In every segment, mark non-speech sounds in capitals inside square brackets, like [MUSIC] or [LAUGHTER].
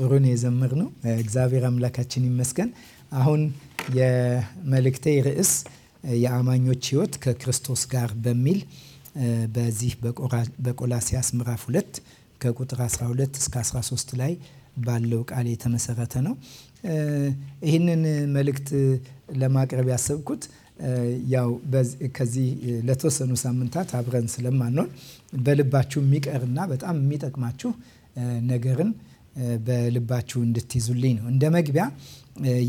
ጥሩ ነው የዘመርነው። እግዚአብሔር አምላካችን ይመስገን። አሁን የመልእክቴ ርዕስ የአማኞች ሕይወት ከክርስቶስ ጋር በሚል በዚህ በቆላሲያስ ምዕራፍ 2 ከቁጥር 12 እስከ 13 ላይ ባለው ቃል የተመሰረተ ነው። ይህንን መልእክት ለማቅረብ ያሰብኩት ያው ከዚህ ለተወሰኑ ሳምንታት አብረን ስለማንሆን በልባችሁ የሚቀርና በጣም የሚጠቅማችሁ ነገርን በልባችሁ እንድትይዙልኝ ነው። እንደ መግቢያ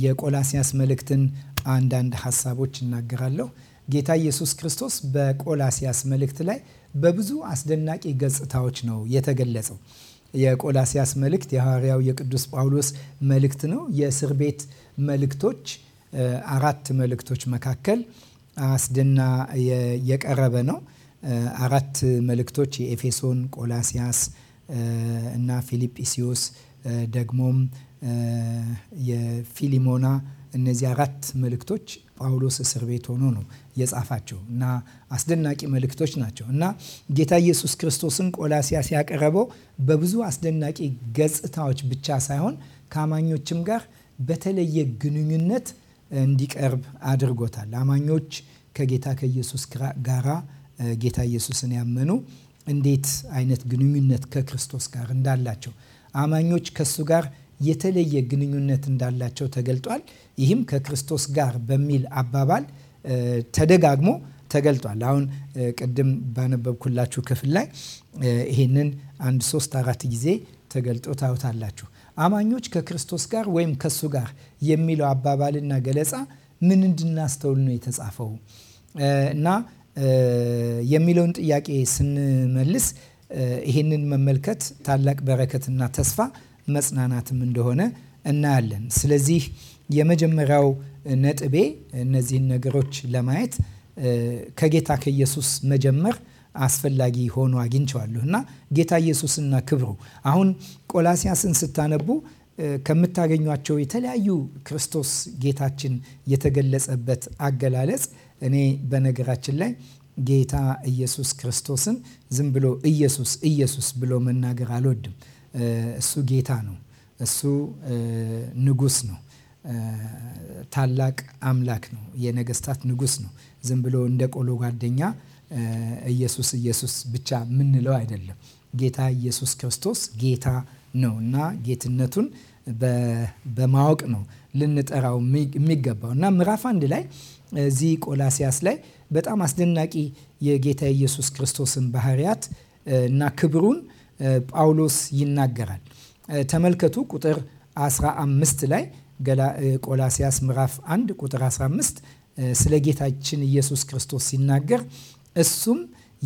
የቆላሲያስ መልእክትን አንዳንድ ሀሳቦች እናገራለሁ። ጌታ ኢየሱስ ክርስቶስ በቆላሲያስ መልእክት ላይ በብዙ አስደናቂ ገጽታዎች ነው የተገለጸው። የቆላሲያስ መልእክት የሐዋርያው የቅዱስ ጳውሎስ መልእክት ነው። የእስር ቤት መልእክቶች አራት መልእክቶች መካከል አስደና የቀረበ ነው። አራት መልእክቶች የኤፌሶን፣ ቆላሲያስ እና ፊልጵስዩስ ደግሞም የፊሊሞና እነዚህ አራት መልእክቶች ጳውሎስ እስር ቤት ሆኖ ነው የጻፋቸው እና አስደናቂ መልእክቶች ናቸው እና ጌታ ኢየሱስ ክርስቶስን ቆላሲያስ ያቀረበው በብዙ አስደናቂ ገጽታዎች ብቻ ሳይሆን ከአማኞችም ጋር በተለየ ግንኙነት እንዲቀርብ አድርጎታል። አማኞች ከጌታ ከኢየሱስ ጋራ ጌታ ኢየሱስን ያመኑ እንዴት አይነት ግንኙነት ከክርስቶስ ጋር እንዳላቸው አማኞች ከእሱ ጋር የተለየ ግንኙነት እንዳላቸው ተገልጧል። ይህም ከክርስቶስ ጋር በሚል አባባል ተደጋግሞ ተገልጧል። አሁን ቅድም ባነበብኩላችሁ ክፍል ላይ ይህንን አንድ ሶስት አራት ጊዜ ተገልጦ ታውታላችሁ። አማኞች ከክርስቶስ ጋር ወይም ከሱ ጋር የሚለው አባባልና ገለጻ ምን እንድናስተውል ነው የተጻፈው እና የሚለውን ጥያቄ ስንመልስ ይህንን መመልከት ታላቅ በረከትና ተስፋ መጽናናትም እንደሆነ እናያለን። ስለዚህ የመጀመሪያው ነጥቤ እነዚህን ነገሮች ለማየት ከጌታ ከኢየሱስ መጀመር አስፈላጊ ሆኖ አግኝቸዋለሁ እና ጌታ ኢየሱስና ክብሩ አሁን ቆላሲያስን ስታነቡ ከምታገኟቸው የተለያዩ ክርስቶስ ጌታችን የተገለጸበት አገላለጽ እኔ በነገራችን ላይ ጌታ ኢየሱስ ክርስቶስን ዝም ብሎ ኢየሱስ ኢየሱስ ብሎ መናገር አልወድም። እሱ ጌታ ነው። እሱ ንጉስ ነው። ታላቅ አምላክ ነው። የነገስታት ንጉስ ነው። ዝም ብሎ እንደ ቆሎ ጓደኛ ኢየሱስ ኢየሱስ ብቻ የምንለው አይደለም። ጌታ ኢየሱስ ክርስቶስ ጌታ ነው እና ጌትነቱን በማወቅ ነው ልንጠራው የሚገባው እና ምዕራፍ አንድ ላይ እዚህ ቆላሲያስ ላይ በጣም አስደናቂ የጌታ ኢየሱስ ክርስቶስን ባህርያት እና ክብሩን ጳውሎስ ይናገራል። ተመልከቱ ቁጥር 15 ላይ ቆላሲያስ ምዕራፍ 1 ቁጥር 15 ስለ ጌታችን ኢየሱስ ክርስቶስ ሲናገር እሱም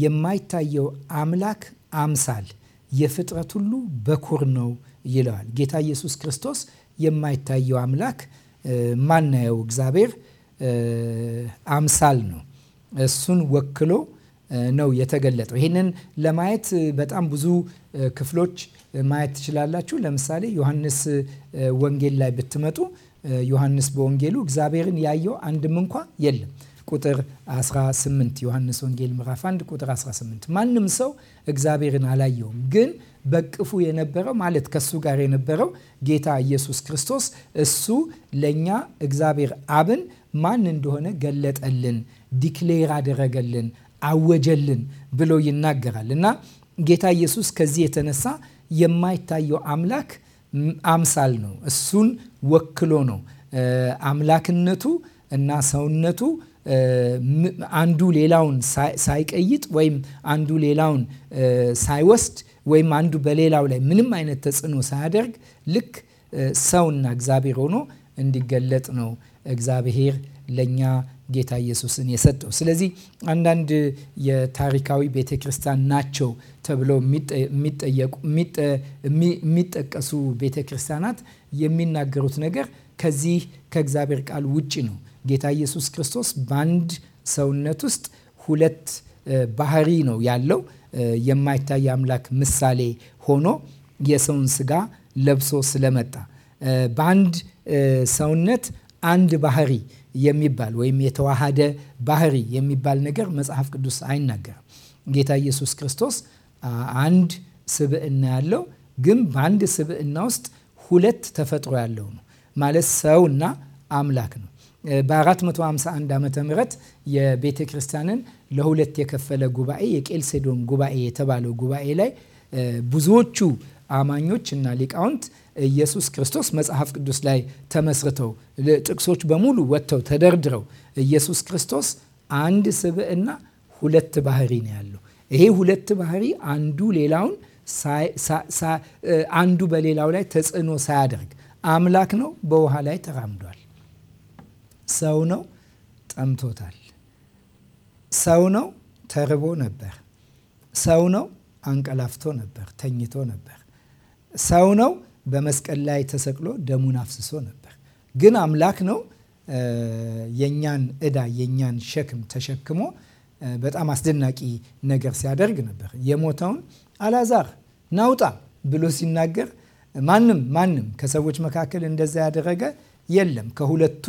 የማይታየው አምላክ አምሳል የፍጥረት ሁሉ በኩር ነው ይለዋል። ጌታ ኢየሱስ ክርስቶስ የማይታየው አምላክ ማናየው እግዚአብሔር አምሳል ነው። እሱን ወክሎ ነው የተገለጠው። ይህንን ለማየት በጣም ብዙ ክፍሎች ማየት ትችላላችሁ። ለምሳሌ ዮሐንስ ወንጌል ላይ ብትመጡ ዮሐንስ በወንጌሉ እግዚአብሔርን ያየው አንድም እንኳ የለም። ቁጥር 18 ዮሐንስ ወንጌል ምዕራፍ 1 ቁጥር 18 ማንም ሰው እግዚአብሔርን አላየውም ግን በቅፉ የነበረው ማለት ከሱ ጋር የነበረው ጌታ ኢየሱስ ክርስቶስ እሱ ለእኛ እግዚአብሔር አብን ማን እንደሆነ ገለጠልን፣ ዲክሌር አደረገልን፣ አወጀልን ብሎ ይናገራል እና ጌታ ኢየሱስ ከዚህ የተነሳ የማይታየው አምላክ አምሳል ነው። እሱን ወክሎ ነው አምላክነቱ እና ሰውነቱ አንዱ ሌላውን ሳይቀይጥ ወይም አንዱ ሌላውን ሳይወስድ ወይም አንዱ በሌላው ላይ ምንም አይነት ተጽዕኖ ሳያደርግ ልክ ሰውና እግዚአብሔር ሆኖ እንዲገለጥ ነው እግዚአብሔር ለእኛ ጌታ ኢየሱስን የሰጠው። ስለዚህ አንዳንድ የታሪካዊ ቤተ ክርስቲያን ናቸው ተብለው የሚጠቀሱ ቤተ ክርስቲያናት የሚናገሩት ነገር ከዚህ ከእግዚአብሔር ቃል ውጭ ነው። ጌታ ኢየሱስ ክርስቶስ በአንድ ሰውነት ውስጥ ሁለት ባህሪ ነው ያለው። የማይታይ አምላክ ምሳሌ ሆኖ የሰውን ስጋ ለብሶ ስለመጣ በአንድ ሰውነት አንድ ባህሪ የሚባል ወይም የተዋሃደ ባህሪ የሚባል ነገር መጽሐፍ ቅዱስ አይናገርም። ጌታ ኢየሱስ ክርስቶስ አንድ ስብዕና ያለው ግን በአንድ ስብዕና ውስጥ ሁለት ተፈጥሮ ያለው ነው ማለት ሰውና አምላክ ነው። በ451 ዓመተ ምህረት የቤተ ክርስቲያንን ለሁለት የከፈለ ጉባኤ የቄልሴዶን ጉባኤ የተባለው ጉባኤ ላይ ብዙዎቹ አማኞች እና ሊቃውንት ኢየሱስ ክርስቶስ መጽሐፍ ቅዱስ ላይ ተመስርተው ጥቅሶች በሙሉ ወጥተው ተደርድረው ኢየሱስ ክርስቶስ አንድ ስብዕና ሁለት ባህሪ ነው ያለው። ይሄ ሁለት ባህሪ አንዱ ሌላውን አንዱ በሌላው ላይ ተጽዕኖ ሳያደርግ አምላክ ነው፣ በውሃ ላይ ተራምዷል። ሰው ነው፣ ጠምቶታል። ሰው ነው፣ ተርቦ ነበር። ሰው ነው፣ አንቀላፍቶ ነበር፣ ተኝቶ ነበር። ሰው ነው፣ በመስቀል ላይ ተሰቅሎ ደሙን አፍስሶ ነበር። ግን አምላክ ነው የእኛን እዳ የእኛን ሸክም ተሸክሞ በጣም አስደናቂ ነገር ሲያደርግ ነበር። የሞተውን አላዛር ናውጣ ብሎ ሲናገር ማንም ማንም ከሰዎች መካከል እንደዛ ያደረገ የለም ከሁለቱ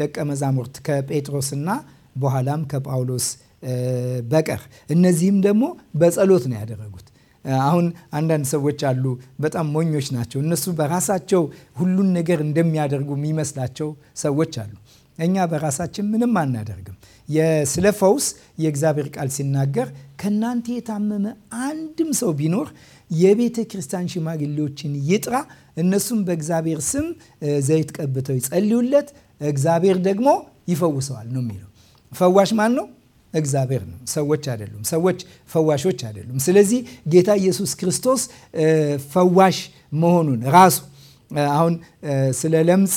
ደቀ መዛሙርት ከጴጥሮስና በኋላም ከጳውሎስ በቀር እነዚህም ደግሞ በጸሎት ነው ያደረጉት። አሁን አንዳንድ ሰዎች አሉ፣ በጣም ሞኞች ናቸው። እነሱ በራሳቸው ሁሉን ነገር እንደሚያደርጉ የሚመስላቸው ሰዎች አሉ። እኛ በራሳችን ምንም አናደርግም። ስለ ፈውስ የእግዚአብሔር ቃል ሲናገር ከእናንተ የታመመ አንድም ሰው ቢኖር የቤተ ክርስቲያን ሽማግሌዎችን ይጥራ፣ እነሱም በእግዚአብሔር ስም ዘይት ቀብተው ይጸልዩለት፣ እግዚአብሔር ደግሞ ይፈውሰዋል ነው የሚለው። ፈዋሽ ማን ነው? እግዚአብሔር ነው፣ ሰዎች አይደሉም። ሰዎች ፈዋሾች አይደሉም። ስለዚህ ጌታ ኢየሱስ ክርስቶስ ፈዋሽ መሆኑን ራሱ አሁን ስለ ለምጽ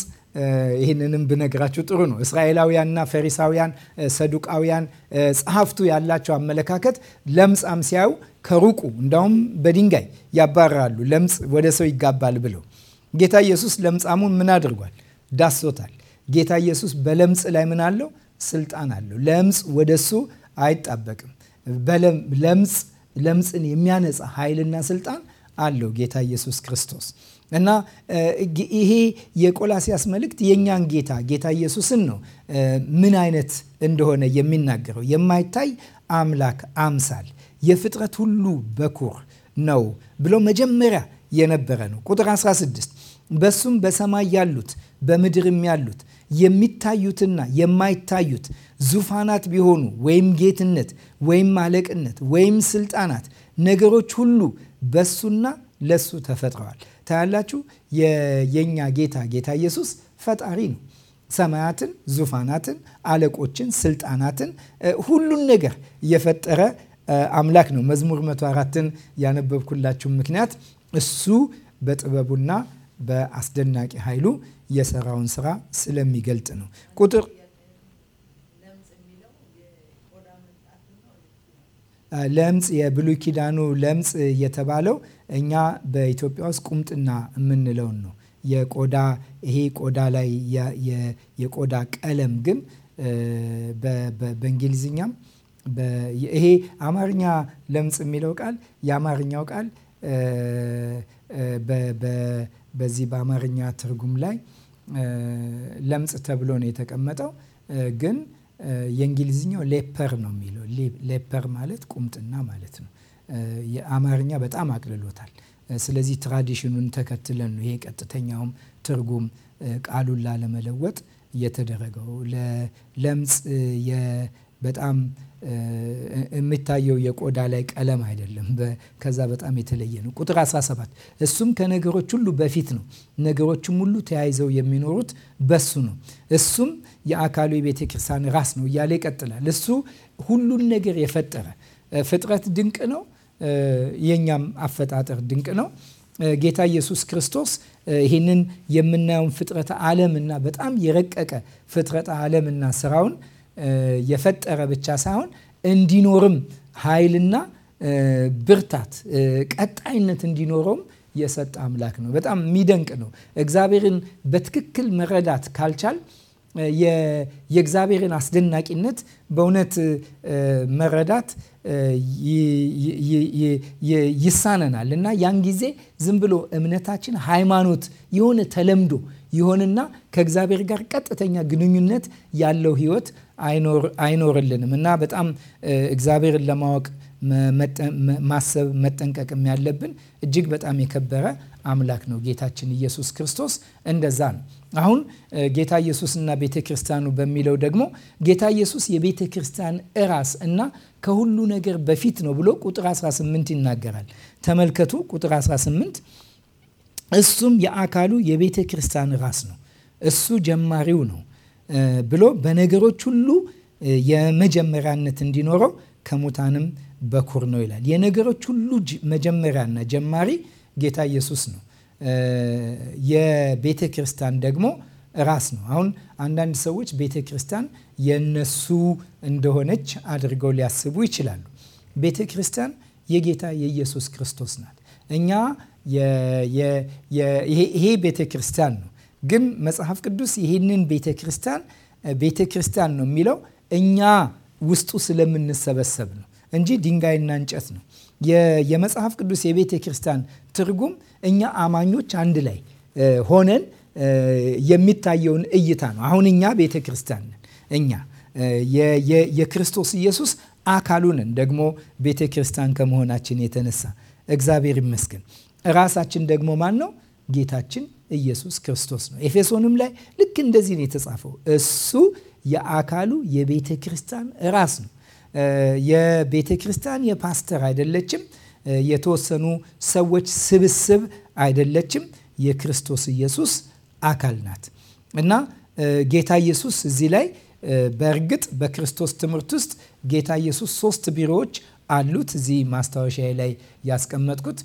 ይህንንም ብነግራችሁ ጥሩ ነው። እስራኤላውያንና ፈሪሳውያን፣ ሰዱቃውያን ጸሐፍቱ ያላቸው አመለካከት ለምጻም ሲያዩ ከሩቁ እንዳውም በድንጋይ ያባራሉ፣ ለምጽ ወደ ሰው ይጋባል ብለው። ጌታ ኢየሱስ ለምጻሙን ምን አድርጓል? ዳሶታል። ጌታ ኢየሱስ በለምጽ ላይ ምን አለው? ስልጣን አለው። ለምጽ ወደሱ አይጣበቅም። ለምጽ ለምጽን የሚያነጻ ኃይልና ስልጣን አለው ጌታ ኢየሱስ ክርስቶስ እና ይሄ የቆላሲያስ መልእክት የእኛን ጌታ ጌታ ኢየሱስን ነው ምን አይነት እንደሆነ የሚናገረው የማይታይ አምላክ አምሳል የፍጥረት ሁሉ በኩር ነው ብሎ መጀመሪያ የነበረ ነው። ቁጥር 16 በሱም በሰማይ ያሉት በምድርም ያሉት የሚታዩትና የማይታዩት ዙፋናት ቢሆኑ ወይም ጌትነት ወይም አለቅነት ወይም ስልጣናት ነገሮች ሁሉ በሱና ለሱ ተፈጥረዋል። ታያላችሁ። የእኛ ጌታ ጌታ ኢየሱስ ፈጣሪ ነው። ሰማያትን፣ ዙፋናትን፣ አለቆችን፣ ስልጣናትን፣ ሁሉን ነገር የፈጠረ አምላክ ነው። መዝሙር 104ን ያነበብኩላችሁ ምክንያት እሱ በጥበቡና በአስደናቂ ኃይሉ የሰራውን ስራ ስለሚገልጥ ነው። ቁጥር ለምጽ የብሉይ ኪዳኑ ለምጽ የተባለው እኛ በኢትዮጵያ ውስጥ ቁምጥና የምንለውን ነው። የቆዳ ይሄ ቆዳ ላይ የቆዳ ቀለም ግን በእንግሊዝኛም ይሄ አማርኛ ለምጽ የሚለው ቃል የአማርኛው ቃል በዚህ በአማርኛ ትርጉም ላይ ለምጽ ተብሎ ነው የተቀመጠው። ግን የእንግሊዝኛው ሌፐር ነው የሚለው። ሌፐር ማለት ቁምጥና ማለት ነው። የአማርኛ በጣም አቅልሎታል። ስለዚህ ትራዲሽኑን ተከትለን ነው ይሄ ቀጥተኛውም ትርጉም ቃሉን ላለመለወጥ የተደረገው ለምጽ በጣም የሚታየው የቆዳ ላይ ቀለም አይደለም። ከዛ በጣም የተለየ ነው። ቁጥር 17 እሱም ከነገሮች ሁሉ በፊት ነው፣ ነገሮችም ሁሉ ተያይዘው የሚኖሩት በሱ ነው። እሱም የአካሉ የቤተ ክርስቲያን ራስ ነው እያለ ይቀጥላል። እሱ ሁሉን ነገር የፈጠረ ፍጥረት ድንቅ ነው። የእኛም አፈጣጠር ድንቅ ነው። ጌታ ኢየሱስ ክርስቶስ ይህንን የምናየውን ፍጥረት ዓለምና በጣም የረቀቀ ፍጥረተ ዓለምና ስራውን የፈጠረ ብቻ ሳይሆን እንዲኖርም ኃይልና ብርታት፣ ቀጣይነት እንዲኖረውም የሰጠ አምላክ ነው። በጣም የሚደንቅ ነው። እግዚአብሔርን በትክክል መረዳት ካልቻል የእግዚአብሔርን አስደናቂነት በእውነት መረዳት ይሳነናል እና ያን ጊዜ ዝም ብሎ እምነታችን ሃይማኖት የሆነ ተለምዶ ይሆንና ከእግዚአብሔር ጋር ቀጥተኛ ግንኙነት ያለው ህይወት አይኖርልንም እና በጣም እግዚአብሔርን ለማወቅ ማሰብ መጠንቀቅም ያለብን እጅግ በጣም የከበረ አምላክ ነው ጌታችን ኢየሱስ ክርስቶስ። እንደዛ ነው። አሁን ጌታ ኢየሱስና ቤተ ክርስቲያኑ በሚለው ደግሞ ጌታ ኢየሱስ የቤተ ክርስቲያን እራስ እና ከሁሉ ነገር በፊት ነው ብሎ ቁጥር 18 ይናገራል። ተመልከቱ ቁጥር 18 እሱም የአካሉ የቤተ ክርስቲያን ራስ ነው። እሱ ጀማሪው ነው ብሎ በነገሮች ሁሉ የመጀመሪያነት እንዲኖረው ከሙታንም በኩር ነው ይላል። የነገሮች ሁሉ መጀመሪያና ጀማሪ ጌታ ኢየሱስ ነው። የቤተ ክርስቲያን ደግሞ ራስ ነው። አሁን አንዳንድ ሰዎች ቤተ ክርስቲያን የነሱ እንደሆነች አድርገው ሊያስቡ ይችላሉ። ቤተ ክርስቲያን የጌታ የኢየሱስ ክርስቶስ ናት። እኛ ይሄ ቤተ ክርስቲያን ነው ግን መጽሐፍ ቅዱስ ይህንን ቤተ ክርስቲያን ቤተ ክርስቲያን ነው የሚለው እኛ ውስጡ ስለምንሰበሰብ ነው እንጂ ድንጋይና እንጨት ነው። የመጽሐፍ ቅዱስ የቤተ ክርስቲያን ትርጉም እኛ አማኞች አንድ ላይ ሆነን የሚታየውን እይታ ነው። አሁን እኛ ቤተ ክርስቲያን ነን። እኛ የክርስቶስ ኢየሱስ አካሉ ነን። ደግሞ ቤተ ክርስቲያን ከመሆናችን የተነሳ እግዚአብሔር ይመስገን። ራሳችን ደግሞ ማን ነው? ጌታችን ኢየሱስ ክርስቶስ ነው። ኤፌሶንም ላይ ልክ እንደዚህ ነው የተጻፈው። እሱ የአካሉ የቤተ ክርስቲያን ራስ ነው። የቤተ ክርስቲያን የፓስተር አይደለችም። የተወሰኑ ሰዎች ስብስብ አይደለችም። የክርስቶስ ኢየሱስ አካል ናት እና ጌታ ኢየሱስ እዚህ ላይ በእርግጥ በክርስቶስ ትምህርት ውስጥ ጌታ ኢየሱስ ሶስት ቢሮዎች አሉት። እዚህ ማስታወሻ ላይ ያስቀመጥኩት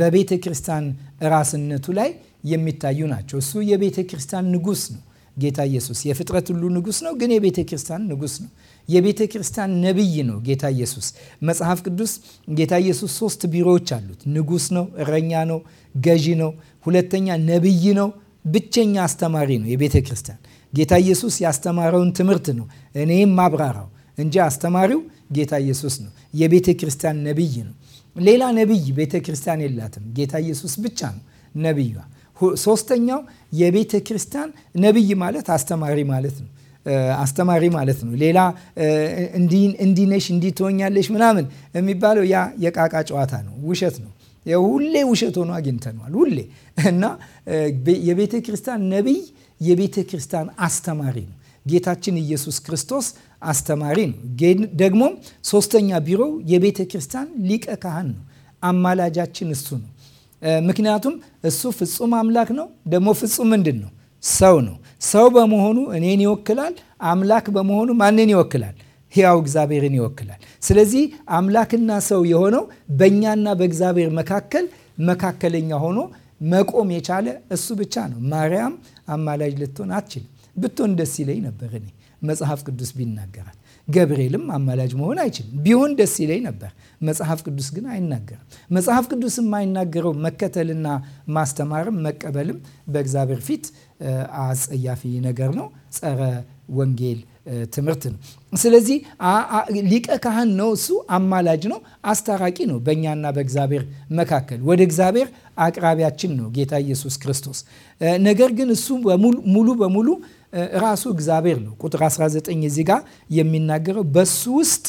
በቤተ ክርስቲያን ራስነቱ ላይ የሚታዩ ናቸው። እሱ የቤተ ክርስቲያን ንጉስ ነው። ጌታ ኢየሱስ የፍጥረት ሁሉ ንጉስ ነው፣ ግን የቤተ ክርስቲያን ንጉስ ነው። የቤተ ክርስቲያን ነቢይ ነው ጌታ ኢየሱስ። መጽሐፍ ቅዱስ ጌታ ኢየሱስ ሶስት ቢሮዎች አሉት። ንጉስ ነው፣ እረኛ ነው፣ ገዢ ነው። ሁለተኛ ነቢይ ነው፣ ብቸኛ አስተማሪ ነው። የቤተ ክርስቲያን ጌታ ኢየሱስ ያስተማረውን ትምህርት ነው እኔም ማብራራው እንጂ አስተማሪው ጌታ ኢየሱስ ነው። የቤተ ክርስቲያን ነቢይ ነው። ሌላ ነቢይ ቤተ ክርስቲያን የላትም። ጌታ ኢየሱስ ብቻ ነው ነቢዩዋ። ሶስተኛው የቤተ ክርስቲያን ነቢይ ማለት አስተማሪ ማለት ነው አስተማሪ ማለት ነው። ሌላ እንዲነሽ ነሽ እንዲህ ትሆኛለሽ ምናምን የሚባለው ያ የቃቃ ጨዋታ ነው፣ ውሸት ነው። ሁሌ ውሸት ሆኖ አግኝተነዋል። ሁሌ እና የቤተ ክርስቲያን ነቢይ የቤተ ክርስቲያን አስተማሪ ነው። ጌታችን ኢየሱስ ክርስቶስ አስተማሪ ነው። ደግሞ ሶስተኛ ቢሮው የቤተ ክርስቲያን ሊቀ ካህን ነው። አማላጃችን እሱ ነው። ምክንያቱም እሱ ፍጹም አምላክ ነው። ደግሞ ፍጹም ምንድን ነው? ሰው ነው። ሰው በመሆኑ እኔን ይወክላል። አምላክ በመሆኑ ማንን ይወክላል? ሕያው እግዚአብሔርን ይወክላል። ስለዚህ አምላክና ሰው የሆነው በእኛና በእግዚአብሔር መካከል መካከለኛ ሆኖ መቆም የቻለ እሱ ብቻ ነው። ማርያም አማላጅ ልትሆን አትችልም። ብትሆን ደስ ይለኝ ነበር እኔ መጽሐፍ ቅዱስ ቢናገራል። ገብርኤልም አማላጅ መሆን አይችልም። ቢሆን ደስ ይለኝ ነበር። መጽሐፍ ቅዱስ ግን አይናገርም። መጽሐፍ ቅዱስ የማይናገረው መከተልና ማስተማርም መቀበልም በእግዚአብሔር ፊት አጸያፊ ነገር ነው። ጸረ ወንጌል ትምህርት ነው። ስለዚህ ሊቀ ካህን ነው፣ እሱ አማላጅ ነው፣ አስታራቂ ነው። በእኛና በእግዚአብሔር መካከል ወደ እግዚአብሔር አቅራቢያችን ነው ጌታ ኢየሱስ ክርስቶስ። ነገር ግን እሱ ሙሉ በሙሉ ራሱ እግዚአብሔር ነው። ቁጥር 19 እዚህ ጋር የሚናገረው በሱ ውስጥ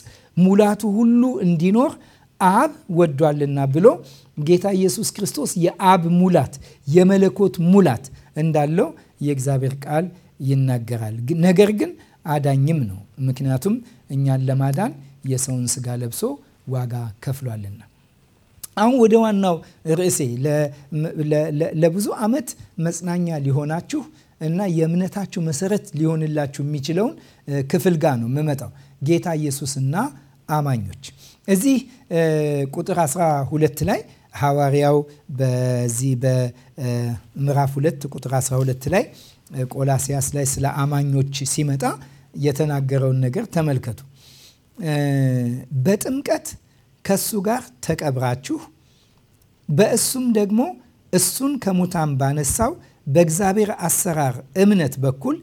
ሙላቱ ሁሉ እንዲኖር አብ ወዷልና ብሎ ጌታ ኢየሱስ ክርስቶስ የአብ ሙላት የመለኮት ሙላት እንዳለው የእግዚአብሔር ቃል ይናገራል። ነገር ግን አዳኝም ነው። ምክንያቱም እኛን ለማዳን የሰውን ስጋ ለብሶ ዋጋ ከፍሏልና። አሁን ወደ ዋናው ርዕሴ ለብዙ ዓመት መጽናኛ ሊሆናችሁ እና የእምነታችሁ መሰረት ሊሆንላችሁ የሚችለውን ክፍል ጋር ነው የምመጣው። ጌታ ኢየሱስና አማኞች እዚህ ቁጥር 12 ላይ ሐዋርያው በዚህ በምዕራፍ 2 ቁጥር 12 ላይ ቆላሲያስ ላይ ስለ አማኞች ሲመጣ የተናገረውን ነገር ተመልከቱ። በጥምቀት ከሱ ጋር ተቀብራችሁ በእሱም ደግሞ እሱን ከሙታን ባነሳው በእግዚአብሔር አሰራር እምነት በኩል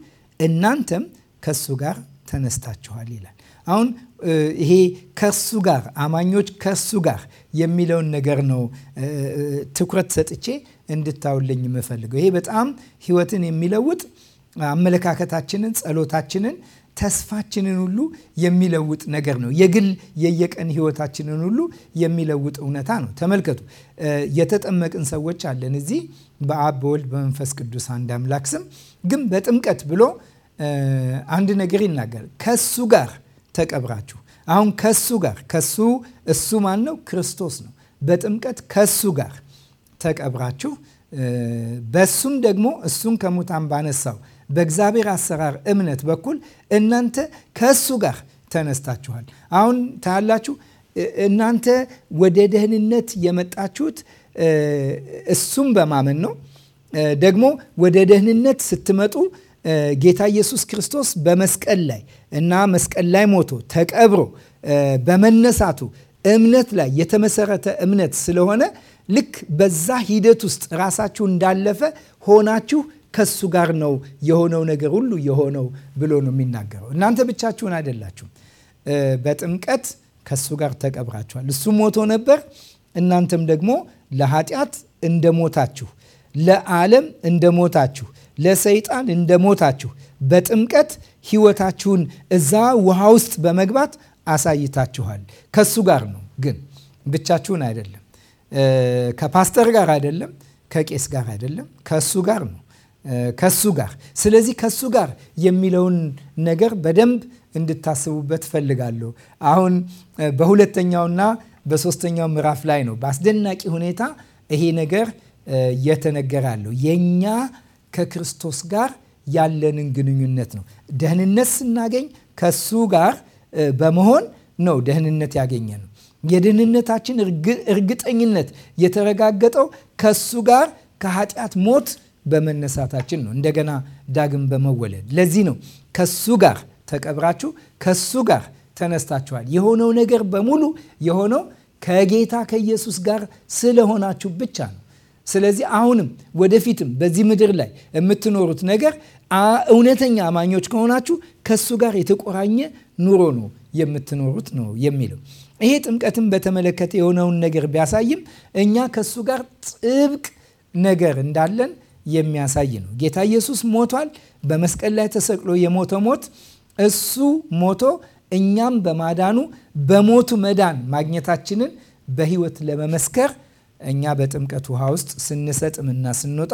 እናንተም ከሱ ጋር ተነስታችኋል ይላል። አሁን ይሄ ከሱ ጋር አማኞች ከሱ ጋር የሚለውን ነገር ነው ትኩረት ሰጥቼ እንድታውልኝ የምፈልገው። ይሄ በጣም ህይወትን የሚለውጥ አመለካከታችንን፣ ጸሎታችንን፣ ተስፋችንን ሁሉ የሚለውጥ ነገር ነው። የግል የየቀን ህይወታችንን ሁሉ የሚለውጥ እውነታ ነው። ተመልከቱ፣ የተጠመቅን ሰዎች አለን እዚህ በአብ በወልድ በመንፈስ ቅዱስ አንድ አምላክ ስም ግን በጥምቀት ብሎ አንድ ነገር ይናገር። ከሱ ጋር ተቀብራችሁ አሁን ከሱ ጋር ከሱ እሱ ማን ነው? ክርስቶስ ነው። በጥምቀት ከሱ ጋር ተቀብራችሁ በሱም ደግሞ እሱን ከሙታን ባነሳው በእግዚአብሔር አሰራር እምነት በኩል እናንተ ከሱ ጋር ተነስታችኋል። አሁን ታያላችሁ እናንተ ወደ ደህንነት የመጣችሁት እሱም በማመን ነው። ደግሞ ወደ ደህንነት ስትመጡ ጌታ ኢየሱስ ክርስቶስ በመስቀል ላይ እና መስቀል ላይ ሞቶ ተቀብሮ በመነሳቱ እምነት ላይ የተመሰረተ እምነት ስለሆነ ልክ በዛ ሂደት ውስጥ ራሳችሁ እንዳለፈ ሆናችሁ ከሱ ጋር ነው የሆነው ነገር ሁሉ የሆነው ብሎ ነው የሚናገረው። እናንተ ብቻችሁን አይደላችሁም። በጥምቀት ከሱ ጋር ተቀብራችኋል። እሱ ሞቶ ነበር፣ እናንተም ደግሞ ለኃጢአት እንደሞታችሁ፣ ለዓለም እንደሞታችሁ፣ ለሰይጣን እንደሞታችሁ በጥምቀት ሕይወታችሁን እዛ ውሃ ውስጥ በመግባት አሳይታችኋል። ከሱ ጋር ነው ግን ብቻችሁን አይደለም። ከፓስተር ጋር አይደለም። ከቄስ ጋር አይደለም። ከሱ ጋር ነው ከሱ ጋር ስለዚህ ከሱ ጋር የሚለውን ነገር በደንብ እንድታስቡበት ፈልጋለሁ አሁን በሁለተኛውና በሶስተኛው ምዕራፍ ላይ ነው በአስደናቂ ሁኔታ ይሄ ነገር እየተነገረ የእኛ ከክርስቶስ ጋር ያለንን ግንኙነት ነው። ደህንነት ስናገኝ ከሱ ጋር በመሆን ነው ደህንነት ያገኘ ነው። የደህንነታችን እርግጠኝነት የተረጋገጠው ከሱ ጋር ከኃጢአት ሞት በመነሳታችን ነው፣ እንደገና ዳግም በመወለድ ለዚህ ነው ከሱ ጋር ተቀብራችሁ ከሱ ጋር ተነስታችኋል። የሆነው ነገር በሙሉ የሆነው ከጌታ ከኢየሱስ ጋር ስለሆናችሁ ብቻ ነው። ስለዚህ አሁንም ወደፊትም በዚህ ምድር ላይ የምትኖሩት ነገር እውነተኛ አማኞች ከሆናችሁ ከሱ ጋር የተቆራኘ ኑሮ ነው የምትኖሩት ነው የሚለው። ይሄ ጥምቀትን በተመለከተ የሆነውን ነገር ቢያሳይም እኛ ከሱ ጋር ጥብቅ ነገር እንዳለን የሚያሳይ ነው። ጌታ ኢየሱስ ሞቷል። በመስቀል ላይ ተሰቅሎ የሞተ ሞት እሱ ሞቶ እኛም በማዳኑ በሞቱ መዳን ማግኘታችንን በህይወት ለመመስከር እኛ በጥምቀት ውሃ ውስጥ ስንሰጥምና ስንወጣ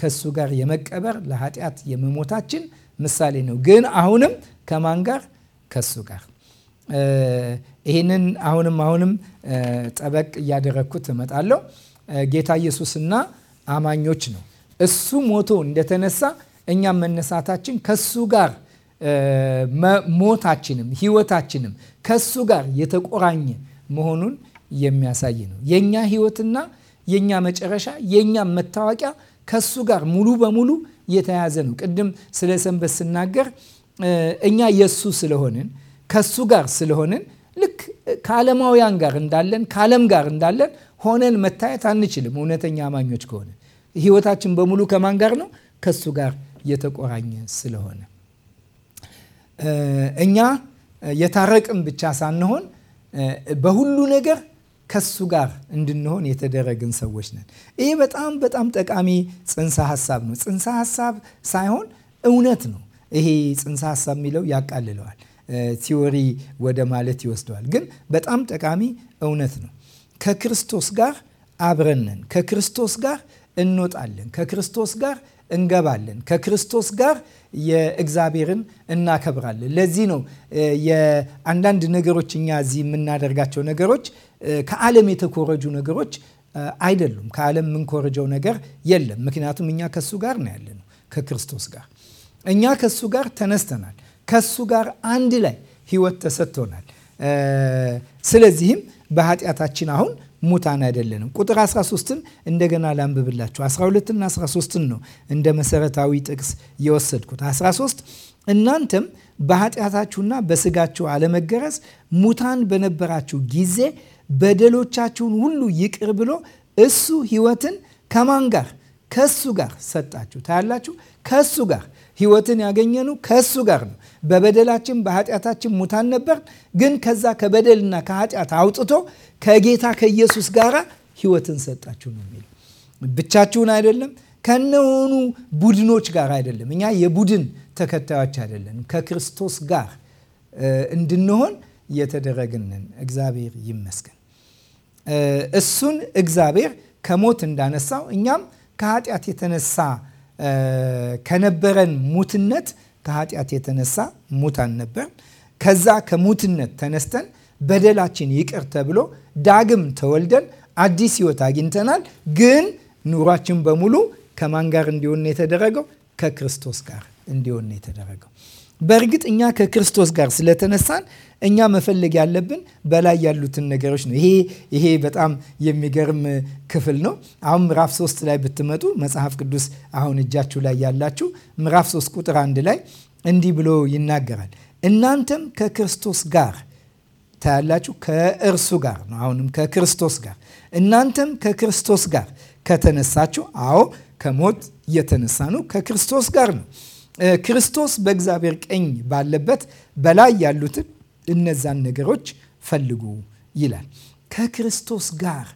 ከእሱ ጋር የመቀበር ለኃጢአት የመሞታችን ምሳሌ ነው። ግን አሁንም ከማን ጋር? ከእሱ ጋር። ይህንን አሁንም አሁንም ጠበቅ እያደረግኩት እመጣለሁ። ጌታ ኢየሱስና አማኞች ነው። እሱ ሞቶ እንደተነሳ እኛም መነሳታችን ከሱ ጋር ሞታችንም ህይወታችንም ከሱ ጋር የተቆራኘ መሆኑን የሚያሳይ ነው። የእኛ ህይወትና የእኛ መጨረሻ የእኛ መታወቂያ ከሱ ጋር ሙሉ በሙሉ የተያያዘ ነው። ቅድም ስለ ሰንበት ስናገር እኛ የእሱ ስለሆንን ከሱ ጋር ስለሆንን ልክ ከዓለማውያን ጋር እንዳለን ከዓለም ጋር እንዳለን ሆነን መታየት አንችልም። እውነተኛ አማኞች ከሆነ ህይወታችን በሙሉ ከማን ጋር ነው? ከሱ ጋር የተቆራኘ ስለሆነ እኛ የታረቅን ብቻ ሳንሆን በሁሉ ነገር ከሱ ጋር እንድንሆን የተደረግን ሰዎች ነን። ይህ በጣም በጣም ጠቃሚ ጽንሰ ሀሳብ ነው። ጽንሰ ሀሳብ ሳይሆን እውነት ነው። ይሄ ጽንሰ ሀሳብ የሚለው ያቃልለዋል፣ ቲዎሪ ወደ ማለት ይወስደዋል። ግን በጣም ጠቃሚ እውነት ነው። ከክርስቶስ ጋር አብረን ነን። ከክርስቶስ ጋር እንወጣለን። ከክርስቶስ ጋር እንገባለን። ከክርስቶስ ጋር የእግዚአብሔርን እናከብራለን። ለዚህ ነው የአንዳንድ ነገሮች እኛ እዚህ የምናደርጋቸው ነገሮች ከዓለም የተኮረጁ ነገሮች አይደሉም። ከዓለም የምንኮረጀው ነገር የለም። ምክንያቱም እኛ ከሱ ጋር ነው ነው። ከክርስቶስ ጋር እኛ ከሱ ጋር ተነስተናል። ከሱ ጋር አንድ ላይ ህይወት ተሰጥቶናል። ስለዚህም በኃጢአታችን አሁን ሙታን አይደለንም። ቁጥር 13ን እንደገና ላንብብላችሁ። 12ና ነው እንደ መሰረታዊ ጥቅስ የወሰድኩት። 13 እናንተም በኃጢአታችሁና በስጋችሁ አለመገረዝ ሙታን በነበራችሁ ጊዜ በደሎቻችሁን ሁሉ ይቅር ብሎ እሱ ህይወትን ከማን ጋር ከሱ ጋር ሰጣችሁ። ታያላችሁ ከሱ ጋር ህይወትን ያገኘኑ ከእሱ ጋር ነው። በበደላችን በኃጢአታችን ሙታን ነበር፣ ግን ከዛ ከበደልና ከኃጢአት አውጥቶ ከጌታ ከኢየሱስ ጋር ህይወትን ሰጣችሁ ነው የሚል ብቻችሁን አይደለም፣ ከነሆኑ ቡድኖች ጋር አይደለም። እኛ የቡድን ተከታዮች አይደለን፣ ከክርስቶስ ጋር እንድንሆን እየተደረግንን እግዚአብሔር ይመስገን። እሱን እግዚአብሔር ከሞት እንዳነሳው እኛም ከኃጢአት የተነሳ ከነበረን ሙትነት ከኃጢአት የተነሳ ሙታን ነበር። ከዛ ከሙትነት ተነስተን በደላችን ይቅር ተብሎ ዳግም ተወልደን አዲስ ሕይወት አግኝተናል። ግን ኑሯችን በሙሉ ከማን ጋር እንዲሆን የተደረገው? ከክርስቶስ ጋር እንዲሆን የተደረገው በእርግጥ እኛ ከክርስቶስ ጋር ስለተነሳን እኛ መፈለግ ያለብን በላይ ያሉትን ነገሮች ነው። ይሄ ይሄ በጣም የሚገርም ክፍል ነው። አሁን ምዕራፍ ሶስት ላይ ብትመጡ መጽሐፍ ቅዱስ አሁን እጃችሁ ላይ ያላችሁ ምዕራፍ ሶስት ቁጥር አንድ ላይ እንዲህ ብሎ ይናገራል። እናንተም ከክርስቶስ ጋር ታያላችሁ። ከእርሱ ጋር ነው። አሁንም ከክርስቶስ ጋር እናንተም ከክርስቶስ ጋር ከተነሳችሁ፣ አዎ ከሞት እየተነሳ ነው ከክርስቶስ ጋር ነው ክርስቶስ በእግዚአብሔር ቀኝ ባለበት በላይ ያሉትን እነዛን ነገሮች ፈልጉ ይላል። ከክርስቶስ ጋር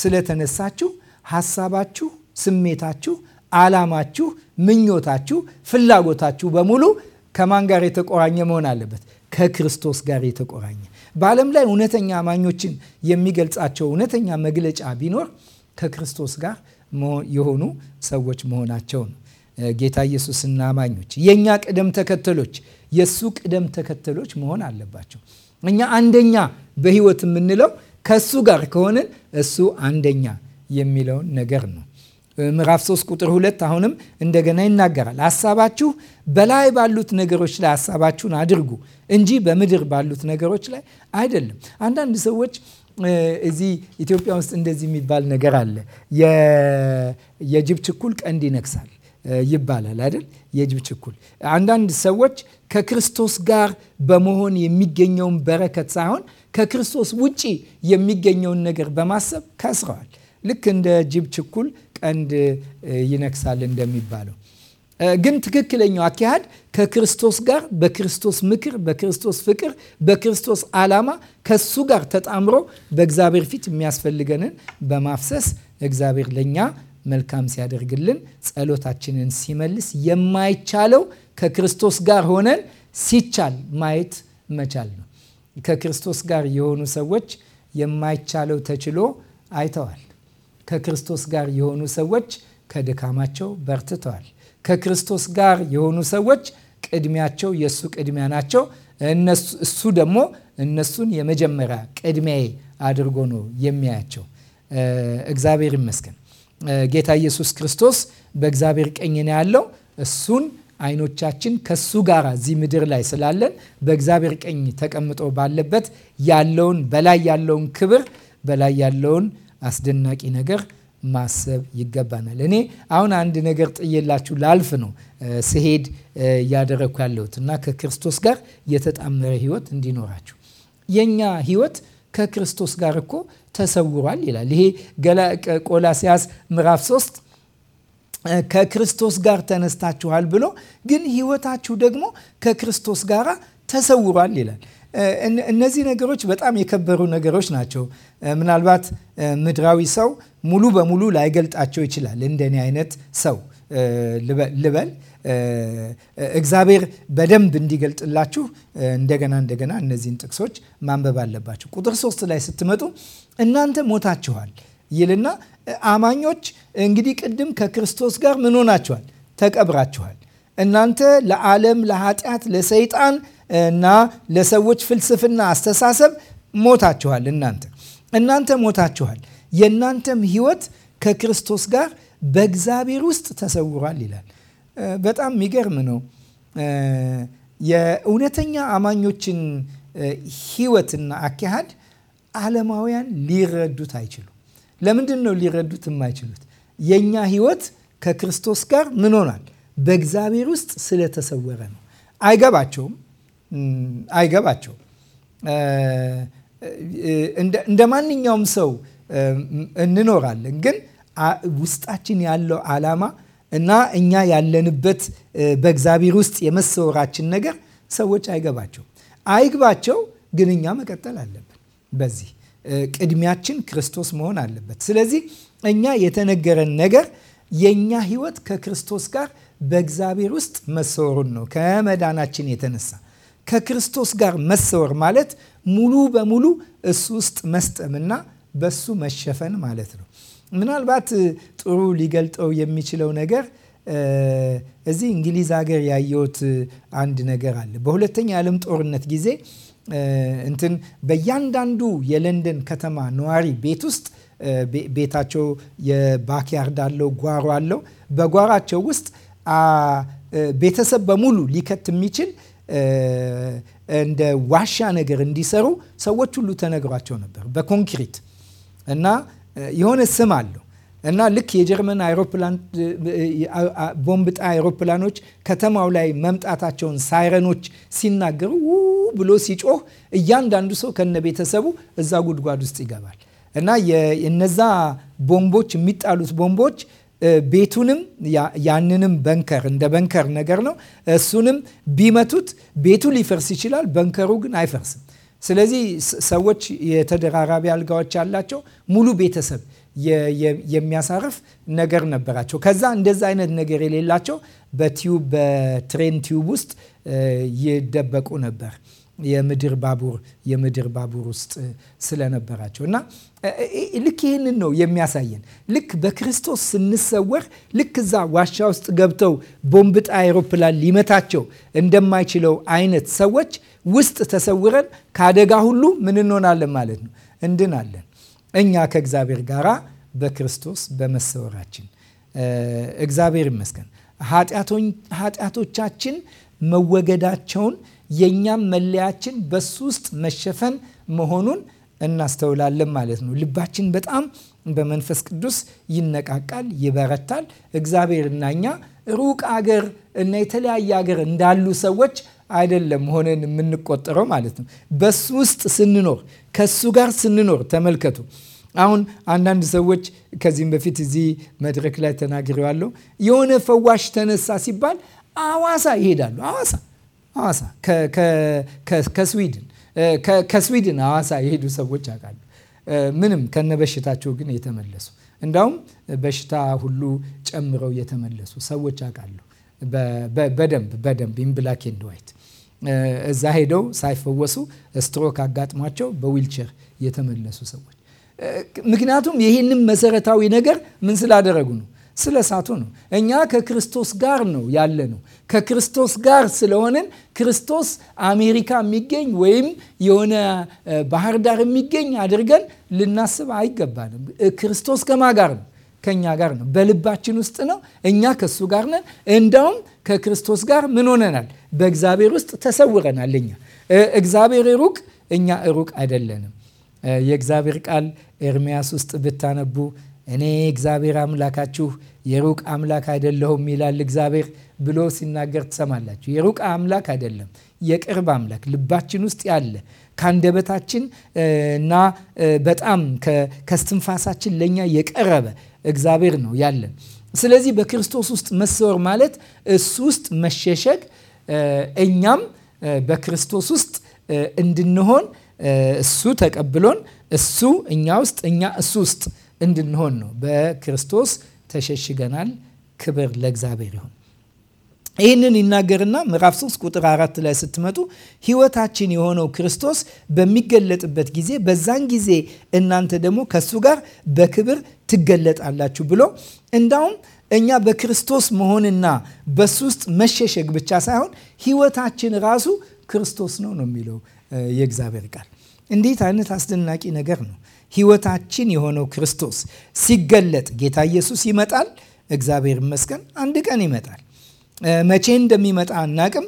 ስለተነሳችሁ ሀሳባችሁ፣ ስሜታችሁ፣ አላማችሁ፣ ምኞታችሁ፣ ፍላጎታችሁ በሙሉ ከማን ጋር የተቆራኘ መሆን አለበት? ከክርስቶስ ጋር የተቆራኘ። በዓለም ላይ እውነተኛ አማኞችን የሚገልጻቸው እውነተኛ መግለጫ ቢኖር ከክርስቶስ ጋር የሆኑ ሰዎች መሆናቸው ነው። ጌታ ኢየሱስና አማኞች የእኛ ቅደም ተከተሎች የእሱ ቅደም ተከተሎች መሆን አለባቸው። እኛ አንደኛ በህይወት የምንለው ከእሱ ጋር ከሆንን እሱ አንደኛ የሚለውን ነገር ነው። ምዕራፍ 3 ቁጥር 2 አሁንም እንደገና ይናገራል። ሀሳባችሁ በላይ ባሉት ነገሮች ላይ ሀሳባችሁን አድርጉ እንጂ በምድር ባሉት ነገሮች ላይ አይደለም። አንዳንድ ሰዎች እዚህ ኢትዮጵያ ውስጥ እንደዚህ የሚባል ነገር አለ። የጅብ ችኩል ቀንድ ይነክሳል ይባላል አይደል? የጅብ ችኩል። አንዳንድ ሰዎች ከክርስቶስ ጋር በመሆን የሚገኘውን በረከት ሳይሆን ከክርስቶስ ውጪ የሚገኘውን ነገር በማሰብ ከስረዋል። ልክ እንደ ጅብ ችኩል ቀንድ ይነክሳል እንደሚባለው ግን ትክክለኛው አካሄድ ከክርስቶስ ጋር በክርስቶስ ምክር፣ በክርስቶስ ፍቅር፣ በክርስቶስ ዓላማ ከሱ ጋር ተጣምሮ በእግዚአብሔር ፊት የሚያስፈልገንን በማፍሰስ እግዚአብሔር ለእኛ መልካም ሲያደርግልን፣ ጸሎታችንን ሲመልስ፣ የማይቻለው ከክርስቶስ ጋር ሆነን ሲቻል ማየት መቻል ነው። ከክርስቶስ ጋር የሆኑ ሰዎች የማይቻለው ተችሎ አይተዋል። ከክርስቶስ ጋር የሆኑ ሰዎች ከድካማቸው በርትተዋል። ከክርስቶስ ጋር የሆኑ ሰዎች ቅድሚያቸው የእሱ ቅድሚያ ናቸው። እሱ ደግሞ እነሱን የመጀመሪያ ቅድሚያ አድርጎ ነው የሚያያቸው። እግዚአብሔር ይመስገን። ጌታ ኢየሱስ ክርስቶስ በእግዚአብሔር ቀኝ ነው ያለው። እሱን አይኖቻችን ከሱ ጋር እዚህ ምድር ላይ ስላለን በእግዚአብሔር ቀኝ ተቀምጦ ባለበት ያለውን በላይ ያለውን ክብር በላይ ያለውን አስደናቂ ነገር ማሰብ ይገባናል። እኔ አሁን አንድ ነገር ጥዬላችሁ ላልፍ ነው ስሄድ እያደረግኩ ያለሁት እና ከክርስቶስ ጋር የተጣመረ ህይወት እንዲኖራችሁ የእኛ ህይወት ከክርስቶስ ጋር እኮ ተሰውሯል ይላል። ይሄ ቆላሲያስ ምዕራፍ 3 ከክርስቶስ ጋር ተነስታችኋል ብሎ ግን ህይወታችሁ ደግሞ ከክርስቶስ ጋር ተሰውሯል ይላል። እነዚህ ነገሮች በጣም የከበሩ ነገሮች ናቸው። ምናልባት ምድራዊ ሰው ሙሉ በሙሉ ላይገልጣቸው ይችላል። እንደኔ አይነት ሰው ልበል እግዚአብሔር በደንብ እንዲገልጥላችሁ እንደገና እንደገና እነዚህን ጥቅሶች ማንበብ አለባችሁ። ቁጥር ሶስት ላይ ስትመጡ እናንተ ሞታችኋል ይልና አማኞች እንግዲህ ቅድም ከክርስቶስ ጋር ምን ሆናችኋል? ተቀብራችኋል። እናንተ ለዓለም ለኃጢአት፣ ለሰይጣን እና ለሰዎች ፍልስፍና አስተሳሰብ ሞታችኋል። እናንተ እናንተ ሞታችኋል የእናንተም ሕይወት ከክርስቶስ ጋር በእግዚአብሔር ውስጥ ተሰውሯል ይላል። በጣም የሚገርም ነው። የእውነተኛ አማኞችን ህይወትና አካሄድ ዓለማውያን ሊረዱት አይችሉም። ለምንድን ነው ሊረዱት የማይችሉት? የእኛ ህይወት ከክርስቶስ ጋር ምን ሆኗል? በእግዚአብሔር ውስጥ ስለተሰወረ ነው። አይገባቸውም፣ አይገባቸውም። እንደ ማንኛውም ሰው እንኖራለን፣ ግን ውስጣችን ያለው ዓላማ እና እኛ ያለንበት በእግዚአብሔር ውስጥ የመሰወራችን ነገር ሰዎች አይገባቸው አይግባቸው፣ ግን እኛ መቀጠል አለብን። በዚህ ቅድሚያችን ክርስቶስ መሆን አለበት። ስለዚህ እኛ የተነገረን ነገር የእኛ ህይወት ከክርስቶስ ጋር በእግዚአብሔር ውስጥ መሰወሩን ነው። ከመዳናችን የተነሳ ከክርስቶስ ጋር መሰወር ማለት ሙሉ በሙሉ እሱ ውስጥ መስጠምና በሱ መሸፈን ማለት ነው። ምናልባት ጥሩ ሊገልጠው የሚችለው ነገር እዚህ እንግሊዝ ሀገር ያየሁት አንድ ነገር አለ። በሁለተኛ የዓለም ጦርነት ጊዜ እንትን በእያንዳንዱ የለንደን ከተማ ነዋሪ ቤት ውስጥ ቤታቸው የባክያርድ አለው፣ ጓሮ አለው። በጓሯቸው ውስጥ ቤተሰብ በሙሉ ሊከት የሚችል እንደ ዋሻ ነገር እንዲሰሩ ሰዎች ሁሉ ተነግሯቸው ነበር በኮንክሪት እና የሆነ ስም አለው እና ልክ የጀርመን አይሮፕላን ቦምብ ጣይ አይሮፕላኖች ከተማው ላይ መምጣታቸውን ሳይረኖች ሲናገሩ ው ብሎ ሲጮህ እያንዳንዱ ሰው ከነ ቤተሰቡ እዛ ጉድጓድ ውስጥ ይገባል እና የነዛ ቦምቦች የሚጣሉት ቦምቦች ቤቱንም ያንንም በንከር እንደ በንከር ነገር ነው። እሱንም ቢመቱት ቤቱ ሊፈርስ ይችላል፣ በንከሩ ግን አይፈርስም። ስለዚህ ሰዎች የተደራራቢ አልጋዎች ያላቸው ሙሉ ቤተሰብ የሚያሳርፍ ነገር ነበራቸው። ከዛ እንደዛ አይነት ነገር የሌላቸው በትዩብ በትሬን ቲዩብ ውስጥ ይደበቁ ነበር። የምድር ባቡር የምድር ባቡር ውስጥ ስለነበራቸው እና ልክ ይህንን ነው የሚያሳየን። ልክ በክርስቶስ ስንሰወር ልክ እዛ ዋሻ ውስጥ ገብተው ቦምብጣ አይሮፕላን ሊመታቸው እንደማይችለው አይነት ሰዎች ውስጥ ተሰውረን ከአደጋ ሁሉ ምን እንሆናለን ማለት ነው፣ እንድናለን። እኛ ከእግዚአብሔር ጋር በክርስቶስ በመሰወራችን እግዚአብሔር ይመስገን ኃጢአቶቻችን መወገዳቸውን የእኛም መለያችን በሱ ውስጥ መሸፈን መሆኑን እናስተውላለን ማለት ነው። ልባችን በጣም በመንፈስ ቅዱስ ይነቃቃል፣ ይበረታል። እግዚአብሔር እና እኛ ሩቅ አገር እና የተለያየ አገር እንዳሉ ሰዎች አይደለም ሆነን የምንቆጠረው ማለት ነው። በሱ ውስጥ ስንኖር፣ ከሱ ጋር ስንኖር ተመልከቱ። አሁን አንዳንድ ሰዎች ከዚህም በፊት እዚህ መድረክ ላይ ተናግሬዋለሁ። የሆነ ፈዋሽ ተነሳ ሲባል አዋሳ ይሄዳሉ። አዋሳ ሐዋሳ ከስዊድን ከስዊድን ሐዋሳ የሄዱ ሰዎች አውቃሉ ምንም ከነበሽታቸው ግን የተመለሱ እንዳውም በሽታ ሁሉ ጨምረው የተመለሱ ሰዎች አውቃለሁ። በደንብ በደንብ ኢምብላክ ኤንድ ዋይት እዛ ሄደው ሳይፈወሱ ስትሮክ አጋጥሟቸው በዊልቸር የተመለሱ ሰዎች ምክንያቱም ይህንም መሰረታዊ ነገር ምን ስላደረጉ ነው ስለ እሳቱ ነው። እኛ ከክርስቶስ ጋር ነው ያለ ነው። ከክርስቶስ ጋር ስለሆነን ክርስቶስ አሜሪካ የሚገኝ ወይም የሆነ ባህር ዳር የሚገኝ አድርገን ልናስብ አይገባንም። ክርስቶስ ከማ ጋር ነው? ከእኛ ጋር ነው። በልባችን ውስጥ ነው። እኛ ከሱ ጋር ነን። እንዳውም ከክርስቶስ ጋር ምን ሆነናል? በእግዚአብሔር ውስጥ ተሰውረናል። እኛ እግዚአብሔር ሩቅ፣ እኛ ሩቅ አይደለንም። የእግዚአብሔር ቃል ኤርሚያስ ውስጥ ብታነቡ እኔ እግዚአብሔር አምላካችሁ የሩቅ አምላክ አይደለሁም ይላል እግዚአብሔር ብሎ ሲናገር ትሰማላችሁ። የሩቅ አምላክ አይደለም፣ የቅርብ አምላክ ልባችን ውስጥ ያለ ከአንደበታችን እና በጣም ከስትንፋሳችን ለእኛ የቀረበ እግዚአብሔር ነው ያለን። ስለዚህ በክርስቶስ ውስጥ መሰወር ማለት እሱ ውስጥ መሸሸግ፣ እኛም በክርስቶስ ውስጥ እንድንሆን እሱ ተቀብሎን እሱ እኛ ውስጥ እኛ እሱ ውስጥ እንድንሆን ነው። በክርስቶስ ተሸሽገናል። ክብር ለእግዚአብሔር ይሁን። ይህንን ይናገርና ምዕራፍ 3 ቁጥር አራት ላይ ስትመጡ ሕይወታችን የሆነው ክርስቶስ በሚገለጥበት ጊዜ በዛን ጊዜ እናንተ ደግሞ ከእሱ ጋር በክብር ትገለጣላችሁ ብሎ እንዳውም እኛ በክርስቶስ መሆንና በሱ ውስጥ መሸሸግ ብቻ ሳይሆን ሕይወታችን ራሱ ክርስቶስ ነው ነው የሚለው የእግዚአብሔር ቃል። እንዴት አይነት አስደናቂ ነገር ነው! ህይወታችን የሆነው ክርስቶስ ሲገለጥ ጌታ ኢየሱስ ይመጣል። እግዚአብሔር ይመስገን፣ አንድ ቀን ይመጣል። መቼ እንደሚመጣ አናቅም።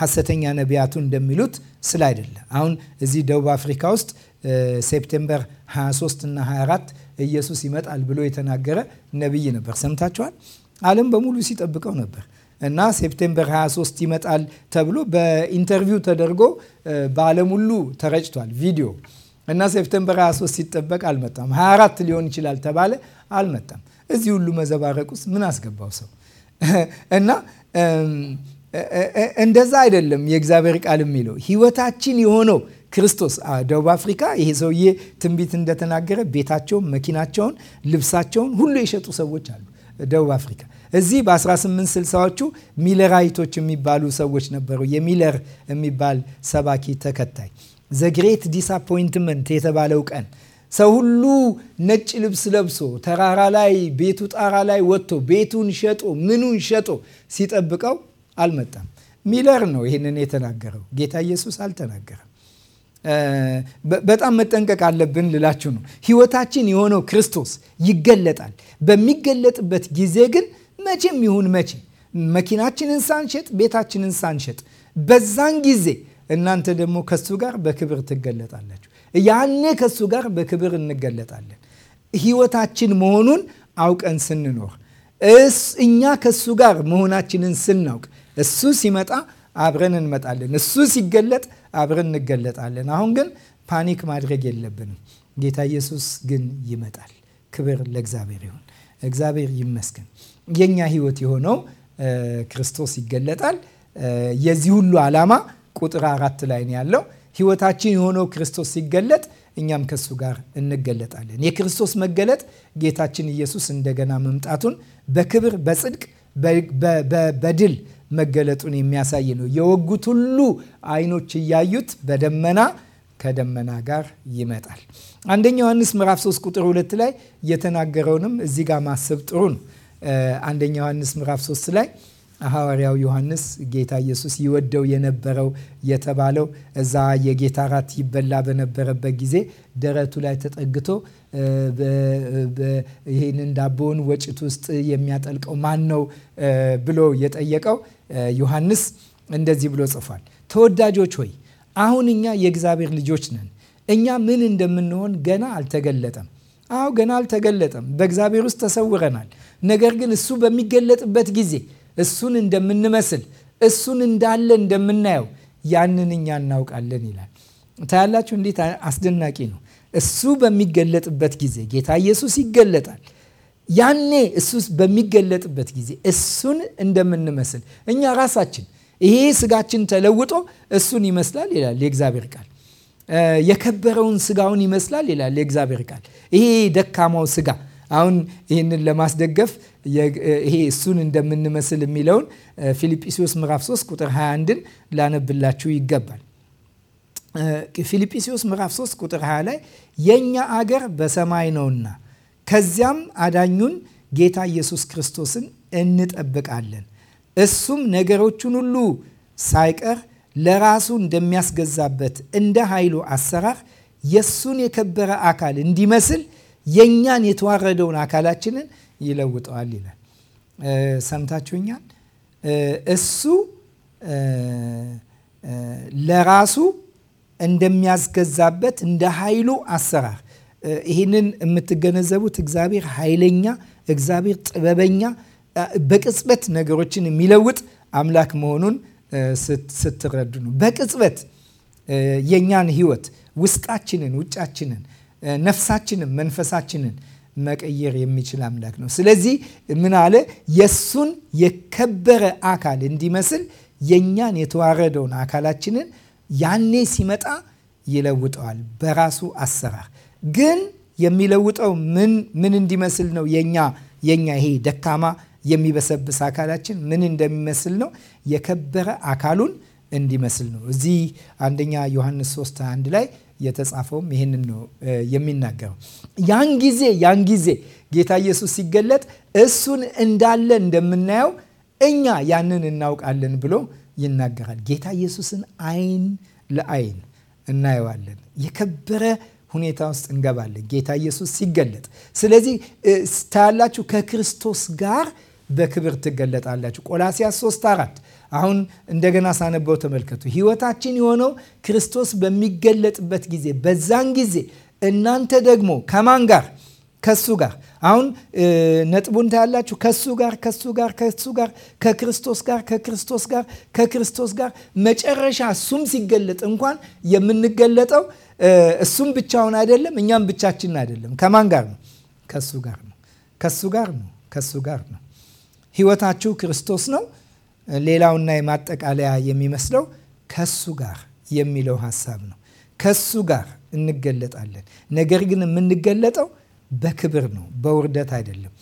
ሐሰተኛ ነቢያቱ እንደሚሉት ስለ አይደለም። አሁን እዚህ ደቡብ አፍሪካ ውስጥ ሴፕቴምበር 23 እና 24 ኢየሱስ ይመጣል ብሎ የተናገረ ነቢይ ነበር። ሰምታችኋል። ዓለም በሙሉ ሲጠብቀው ነበር እና ሴፕቴምበር 23 ይመጣል ተብሎ በኢንተርቪው ተደርጎ በዓለም ሁሉ ተረጭቷል ቪዲዮ እና ሴፕቴምበር 23 ሲጠበቅ አልመጣም። 24 ሊሆን ይችላል ተባለ፣ አልመጣም። እዚህ ሁሉ መዘባረቅ ውስጥ ምን አስገባው ሰው? [LAUGHS] እና እንደዛ አይደለም የእግዚአብሔር ቃል የሚለው ህይወታችን የሆነው ክርስቶስ ደቡብ አፍሪካ ይሄ ሰውዬ ትንቢት እንደተናገረ ቤታቸውን፣ መኪናቸውን፣ ልብሳቸውን ሁሉ የሸጡ ሰዎች አሉ። ደቡብ አፍሪካ። እዚህ በ1860ዎቹ ሚለራይቶች የሚባሉ ሰዎች ነበሩ። የሚለር የሚባል ሰባኪ ተከታይ ዘግሬት ዲስአፖይንትመንት የተባለው ቀን ሰው ሁሉ ነጭ ልብስ ለብሶ ተራራ ላይ ቤቱ ጣራ ላይ ወጥቶ ቤቱን ሸጦ ምኑን ሸጦ ሲጠብቀው አልመጣም። ሚለር ነው ይህንን የተናገረው፣ ጌታ ኢየሱስ አልተናገረም። በጣም መጠንቀቅ አለብን ልላችሁ ነው። ህይወታችን የሆነው ክርስቶስ ይገለጣል። በሚገለጥበት ጊዜ ግን መቼም ይሁን መቼ መኪናችንን ሳንሸጥ፣ ቤታችንን ሳንሸጥ በዛን ጊዜ እናንተ ደግሞ ከሱ ጋር በክብር ትገለጣላችሁ። ያኔ ከሱ ጋር በክብር እንገለጣለን። ህይወታችን መሆኑን አውቀን ስንኖር እኛ ከሱ ጋር መሆናችንን ስናውቅ እሱ ሲመጣ አብረን እንመጣለን። እሱ ሲገለጥ አብረን እንገለጣለን። አሁን ግን ፓኒክ ማድረግ የለብንም። ጌታ ኢየሱስ ግን ይመጣል። ክብር ለእግዚአብሔር ይሁን። እግዚአብሔር ይመስገን። የኛ ህይወት የሆነው ክርስቶስ ይገለጣል። የዚህ ሁሉ ዓላማ ቁጥር አራት ላይ ነው ያለው። ህይወታችን የሆነው ክርስቶስ ሲገለጥ እኛም ከሱ ጋር እንገለጣለን። የክርስቶስ መገለጥ ጌታችን ኢየሱስ እንደገና መምጣቱን በክብር በጽድቅ በድል መገለጡን የሚያሳይ ነው። የወጉት ሁሉ አይኖች እያዩት በደመና ከደመና ጋር ይመጣል። አንደኛ ዮሐንስ ምዕራፍ 3 ቁጥር 2 ላይ የተናገረውንም እዚህ ጋር ማሰብ ጥሩ ነው። አንደኛ ዮሐንስ ምዕራፍ 3 ላይ ሐዋርያው ዮሐንስ ጌታ ኢየሱስ ይወደው የነበረው የተባለው እዛ የጌታ ራት ይበላ በነበረበት ጊዜ ደረቱ ላይ ተጠግቶ ይህንን ዳቦውን ወጭት ውስጥ የሚያጠልቀው ማን ነው ብሎ የጠየቀው ዮሐንስ እንደዚህ ብሎ ጽፏል። ተወዳጆች ሆይ አሁን እኛ የእግዚአብሔር ልጆች ነን። እኛ ምን እንደምንሆን ገና አልተገለጠም። አዎ ገና አልተገለጠም። በእግዚአብሔር ውስጥ ተሰውረናል። ነገር ግን እሱ በሚገለጥበት ጊዜ እሱን እንደምንመስል እሱን እንዳለ እንደምናየው ያንን እኛ እናውቃለን ይላል። ታያላችሁ፣ እንዴት አስደናቂ ነው! እሱ በሚገለጥበት ጊዜ ጌታ ኢየሱስ ይገለጣል። ያኔ እሱ በሚገለጥበት ጊዜ እሱን እንደምንመስል እኛ ራሳችን ይሄ ስጋችን ተለውጦ እሱን ይመስላል ይላል የእግዚአብሔር ቃል። የከበረውን ስጋውን ይመስላል ይላል የእግዚአብሔር ቃል። ይሄ ደካማው ስጋ አሁን ይህንን ለማስደገፍ ይሄ እሱን እንደምንመስል የሚለውን ፊልጵስዩስ ምዕራፍ 3 ቁጥር 21ን ላነብላችሁ ይገባል። ፊልጵስዩስ ምዕራፍ 3 ቁጥር 20 ላይ የእኛ አገር በሰማይ ነውና ከዚያም አዳኙን ጌታ ኢየሱስ ክርስቶስን እንጠብቃለን። እሱም ነገሮቹን ሁሉ ሳይቀር ለራሱ እንደሚያስገዛበት እንደ ኃይሉ አሰራር የእሱን የከበረ አካል እንዲመስል የእኛን የተዋረደውን አካላችንን ይለውጠዋል ይላል። ሰምታችሁኛል? እሱ ለራሱ እንደሚያስገዛበት እንደ ኃይሉ አሰራር ይህንን የምትገነዘቡት እግዚአብሔር ኃይለኛ፣ እግዚአብሔር ጥበበኛ፣ በቅጽበት ነገሮችን የሚለውጥ አምላክ መሆኑን ስትረዱ ነው። በቅጽበት የእኛን ህይወት ውስጣችንን፣ ውጫችንን፣ ነፍሳችንን፣ መንፈሳችንን መቀየር የሚችል አምላክ ነው። ስለዚህ ምን አለ? የሱን የከበረ አካል እንዲመስል የእኛን የተዋረደውን አካላችንን ያኔ ሲመጣ ይለውጠዋል በራሱ አሰራር። ግን የሚለውጠው ምን ምን እንዲመስል ነው? የኛ የኛ ይሄ ደካማ የሚበሰብስ አካላችን ምን እንደሚመስል ነው? የከበረ አካሉን እንዲመስል ነው። እዚህ አንደኛ ዮሐንስ 3 1 ላይ የተጻፈውም ይህንን ነው የሚናገረው። ያን ጊዜ ያን ጊዜ ጌታ ኢየሱስ ሲገለጥ እሱን እንዳለ እንደምናየው እኛ ያንን እናውቃለን ብሎ ይናገራል። ጌታ ኢየሱስን አይን ለአይን እናየዋለን። የከበረ ሁኔታ ውስጥ እንገባለን ጌታ ኢየሱስ ሲገለጥ። ስለዚህ ታያላችሁ ከክርስቶስ ጋር በክብር ትገለጣላችሁ። ቆላሲያስ 3 አራት አሁን እንደገና ሳነበው ተመልከቱ። ህይወታችን የሆነው ክርስቶስ በሚገለጥበት ጊዜ በዛን ጊዜ እናንተ ደግሞ ከማን ጋር ከሱ ጋር አሁን ነጥቡን ታያላችሁ። ከሱ ጋር ከሱ ጋር ከሱ ጋር ከክርስቶስ ጋር ከክርስቶስ ጋር ከክርስቶስ ጋር መጨረሻ እሱም ሲገለጥ እንኳን የምንገለጠው እሱም ብቻውን አይደለም፣ እኛም ብቻችን አይደለም። ከማን ጋር ነው? ከሱ ጋር ነው። ከሱ ጋር ነው። ከሱ ጋር ነው። ህይወታችሁ ክርስቶስ ነው። ሌላውና የማጠቃለያ የሚመስለው ከሱ ጋር የሚለው ሀሳብ ነው። ከሱ ጋር እንገለጣለን። ነገር ግን የምንገለጠው በክብር ነው፣ በውርደት አይደለም፣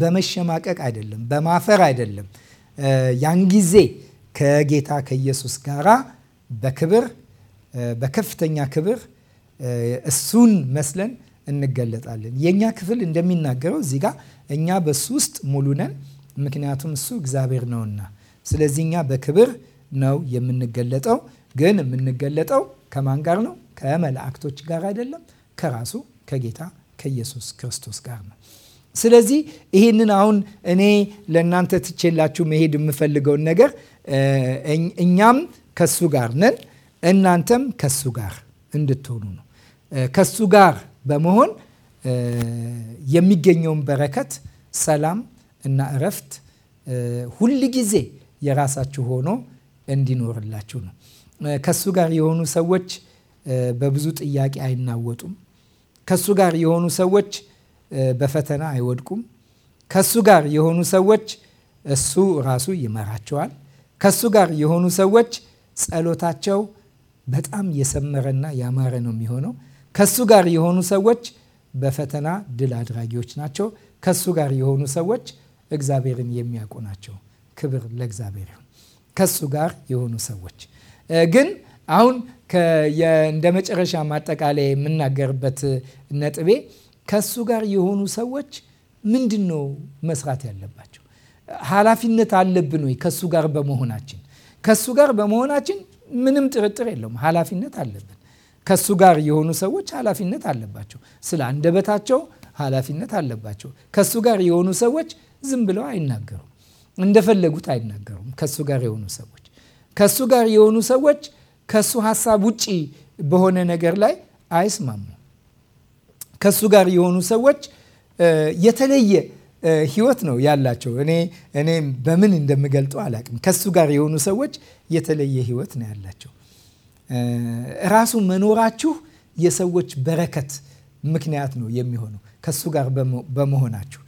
በመሸማቀቅ አይደለም፣ በማፈር አይደለም። ያን ጊዜ ከጌታ ከኢየሱስ ጋራ በክብር በከፍተኛ ክብር እሱን መስለን እንገለጣለን። የእኛ ክፍል እንደሚናገረው እዚህ ጋር እኛ በሱ ውስጥ ሙሉ ነን። ምክንያቱም እሱ እግዚአብሔር ነውና። ስለዚህ እኛ በክብር ነው የምንገለጠው። ግን የምንገለጠው ከማን ጋር ነው? ከመላእክቶች ጋር አይደለም፣ ከራሱ ከጌታ ከኢየሱስ ክርስቶስ ጋር ነው። ስለዚህ ይህንን አሁን እኔ ለእናንተ ትቼላችሁ መሄድ የምፈልገውን ነገር እኛም ከሱ ጋር ነን፣ እናንተም ከሱ ጋር እንድትሆኑ ነው። ከሱ ጋር በመሆን የሚገኘውን በረከት፣ ሰላም እና እረፍት ሁል ጊዜ የራሳችሁ ሆኖ እንዲኖርላችሁ ነው። ከሱ ጋር የሆኑ ሰዎች በብዙ ጥያቄ አይናወጡም። ከሱ ጋር የሆኑ ሰዎች በፈተና አይወድቁም። ከሱ ጋር የሆኑ ሰዎች እሱ ራሱ ይመራቸዋል። ከሱ ጋር የሆኑ ሰዎች ጸሎታቸው በጣም የሰመረና ያማረ ነው የሚሆነው። ከሱ ጋር የሆኑ ሰዎች በፈተና ድል አድራጊዎች ናቸው። ከሱ ጋር የሆኑ ሰዎች እግዚአብሔርን የሚያውቁ ናቸው። ክብር ለእግዚአብሔር ይሁን። ከሱ ጋር የሆኑ ሰዎች ግን አሁን እንደ መጨረሻ ማጠቃለያ የምናገርበት ነጥቤ ከሱ ጋር የሆኑ ሰዎች ምንድን ነው መስራት ያለባቸው? ኃላፊነት አለብን ወይ? ከሱ ጋር በመሆናችን ከሱ ጋር በመሆናችን ምንም ጥርጥር የለውም፣ ኃላፊነት አለብን። ከሱ ጋር የሆኑ ሰዎች ኃላፊነት አለባቸው። ስለ አንደበታቸው ኃላፊነት አለባቸው። ከሱ ጋር የሆኑ ሰዎች ዝም ብለው አይናገሩም። እንደፈለጉት አይናገሩም። ከሱ ጋር የሆኑ ሰዎች ከሱ ጋር የሆኑ ሰዎች ከሱ ሀሳብ ውጪ በሆነ ነገር ላይ አይስማሙም። ከሱ ጋር የሆኑ ሰዎች የተለየ ህይወት ነው ያላቸው። እኔ እኔ በምን እንደምገልጠው አላቅም። ከሱ ጋር የሆኑ ሰዎች የተለየ ህይወት ነው ያላቸው። ራሱ መኖራችሁ የሰዎች በረከት ምክንያት ነው የሚሆነው ከሱ ጋር በመሆናችሁ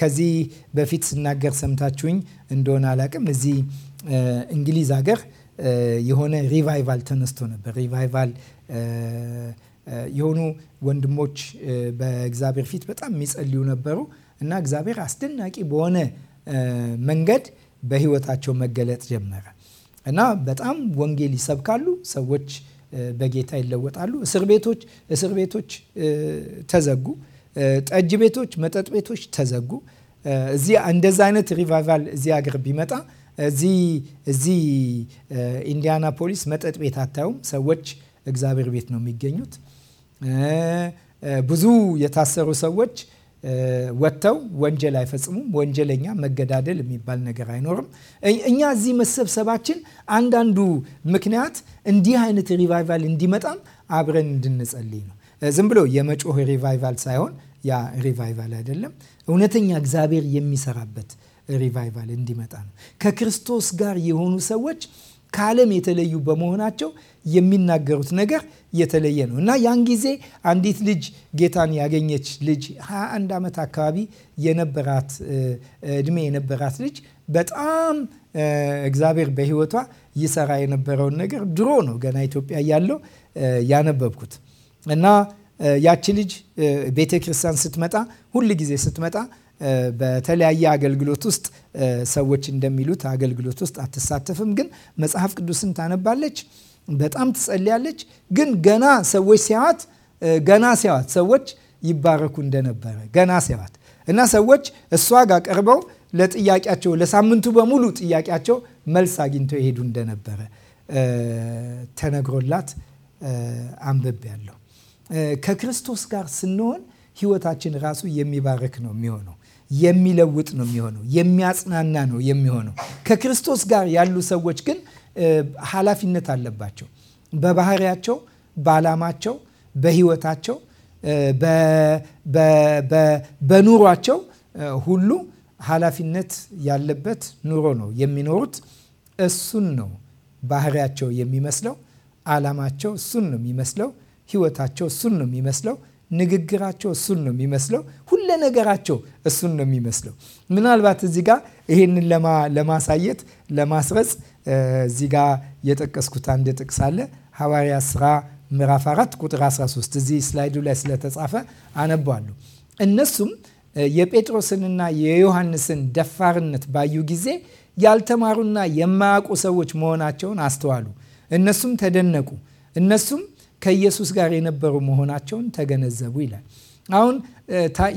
ከዚህ በፊት ስናገር ሰምታችሁኝ እንደሆነ አላቅም። እዚህ እንግሊዝ ሀገር የሆነ ሪቫይቫል ተነስቶ ነበር። ሪቫይቫል የሆኑ ወንድሞች በእግዚአብሔር ፊት በጣም የሚጸልዩ ነበሩ እና እግዚአብሔር አስደናቂ በሆነ መንገድ በህይወታቸው መገለጥ ጀመረ እና በጣም ወንጌል ይሰብካሉ። ሰዎች በጌታ ይለወጣሉ። እስር ቤቶች እስር ቤቶች ተዘጉ። ጠጅ ቤቶች፣ መጠጥ ቤቶች ተዘጉ። እዚህ እንደዛ አይነት ሪቫይቫል እዚህ ሀገር ቢመጣ እዚህ ኢንዲያናፖሊስ መጠጥ ቤት አታዩም። ሰዎች እግዚአብሔር ቤት ነው የሚገኙት። ብዙ የታሰሩ ሰዎች ወጥተው ወንጀል አይፈጽሙም። ወንጀለኛ መገዳደል የሚባል ነገር አይኖርም። እኛ እዚህ መሰብሰባችን አንዳንዱ ምክንያት እንዲህ አይነት ሪቫይቫል እንዲመጣም አብረን እንድንጸልይ ነው። ዝም ብሎ የመጮህ ሪቫይቫል ሳይሆን ያ ሪቫይቫል አይደለም፣ እውነተኛ እግዚአብሔር የሚሰራበት ሪቫይቫል እንዲመጣ ነው። ከክርስቶስ ጋር የሆኑ ሰዎች ከዓለም የተለዩ በመሆናቸው የሚናገሩት ነገር የተለየ ነው እና ያን ጊዜ አንዲት ልጅ ጌታን ያገኘች ልጅ 21 ዓመት አካባቢ የነበራት እድሜ የነበራት ልጅ በጣም እግዚአብሔር በሕይወቷ ይሰራ የነበረውን ነገር ድሮ ነው ገና ኢትዮጵያ ያለው ያነበብኩት እና ያቺ ልጅ ቤተ ክርስቲያን ስትመጣ ሁል ጊዜ ስትመጣ በተለያየ አገልግሎት ውስጥ ሰዎች እንደሚሉት አገልግሎት ውስጥ አትሳተፍም፣ ግን መጽሐፍ ቅዱስን ታነባለች፣ በጣም ትጸልያለች። ግን ገና ሰዎች ሲያዋት ገና ሲያዋት ሰዎች ይባረኩ እንደነበረ ገና ሲያዋት እና ሰዎች እሷ ጋር ቀርበው ለጥያቄያቸው ለሳምንቱ በሙሉ ጥያቄያቸው መልስ አግኝተው ይሄዱ እንደነበረ ተነግሮላት አንብቤያለሁ። ከክርስቶስ ጋር ስንሆን ህይወታችን ራሱ የሚባርክ ነው የሚሆነው የሚለውጥ ነው የሚሆነው የሚያጽናና ነው የሚሆነው። ከክርስቶስ ጋር ያሉ ሰዎች ግን ኃላፊነት አለባቸው በባህሪያቸው፣ በዓላማቸው፣ በህይወታቸው፣ በኑሯቸው ሁሉ ኃላፊነት ያለበት ኑሮ ነው የሚኖሩት። እሱን ነው ባህሪያቸው የሚመስለው፣ ዓላማቸው እሱን ነው የሚመስለው ህይወታቸው እሱን ነው የሚመስለው። ንግግራቸው እሱን ነው የሚመስለው። ሁለ ነገራቸው እሱን ነው የሚመስለው። ምናልባት እዚህ ጋ ይሄንን ለማሳየት ለማስረጽ እዚህ ጋ የጠቀስኩት አንድ ጥቅስ አለ ሐዋርያ ስራ ምዕራፍ 4 ቁጥር 13 እዚህ ስላይዱ ላይ ስለተጻፈ አነባለሁ። እነሱም የጴጥሮስንና የዮሐንስን ደፋርነት ባዩ ጊዜ ያልተማሩና የማያውቁ ሰዎች መሆናቸውን አስተዋሉ። እነሱም ተደነቁ። እነሱም ከኢየሱስ ጋር የነበሩ መሆናቸውን ተገነዘቡ ይላል። አሁን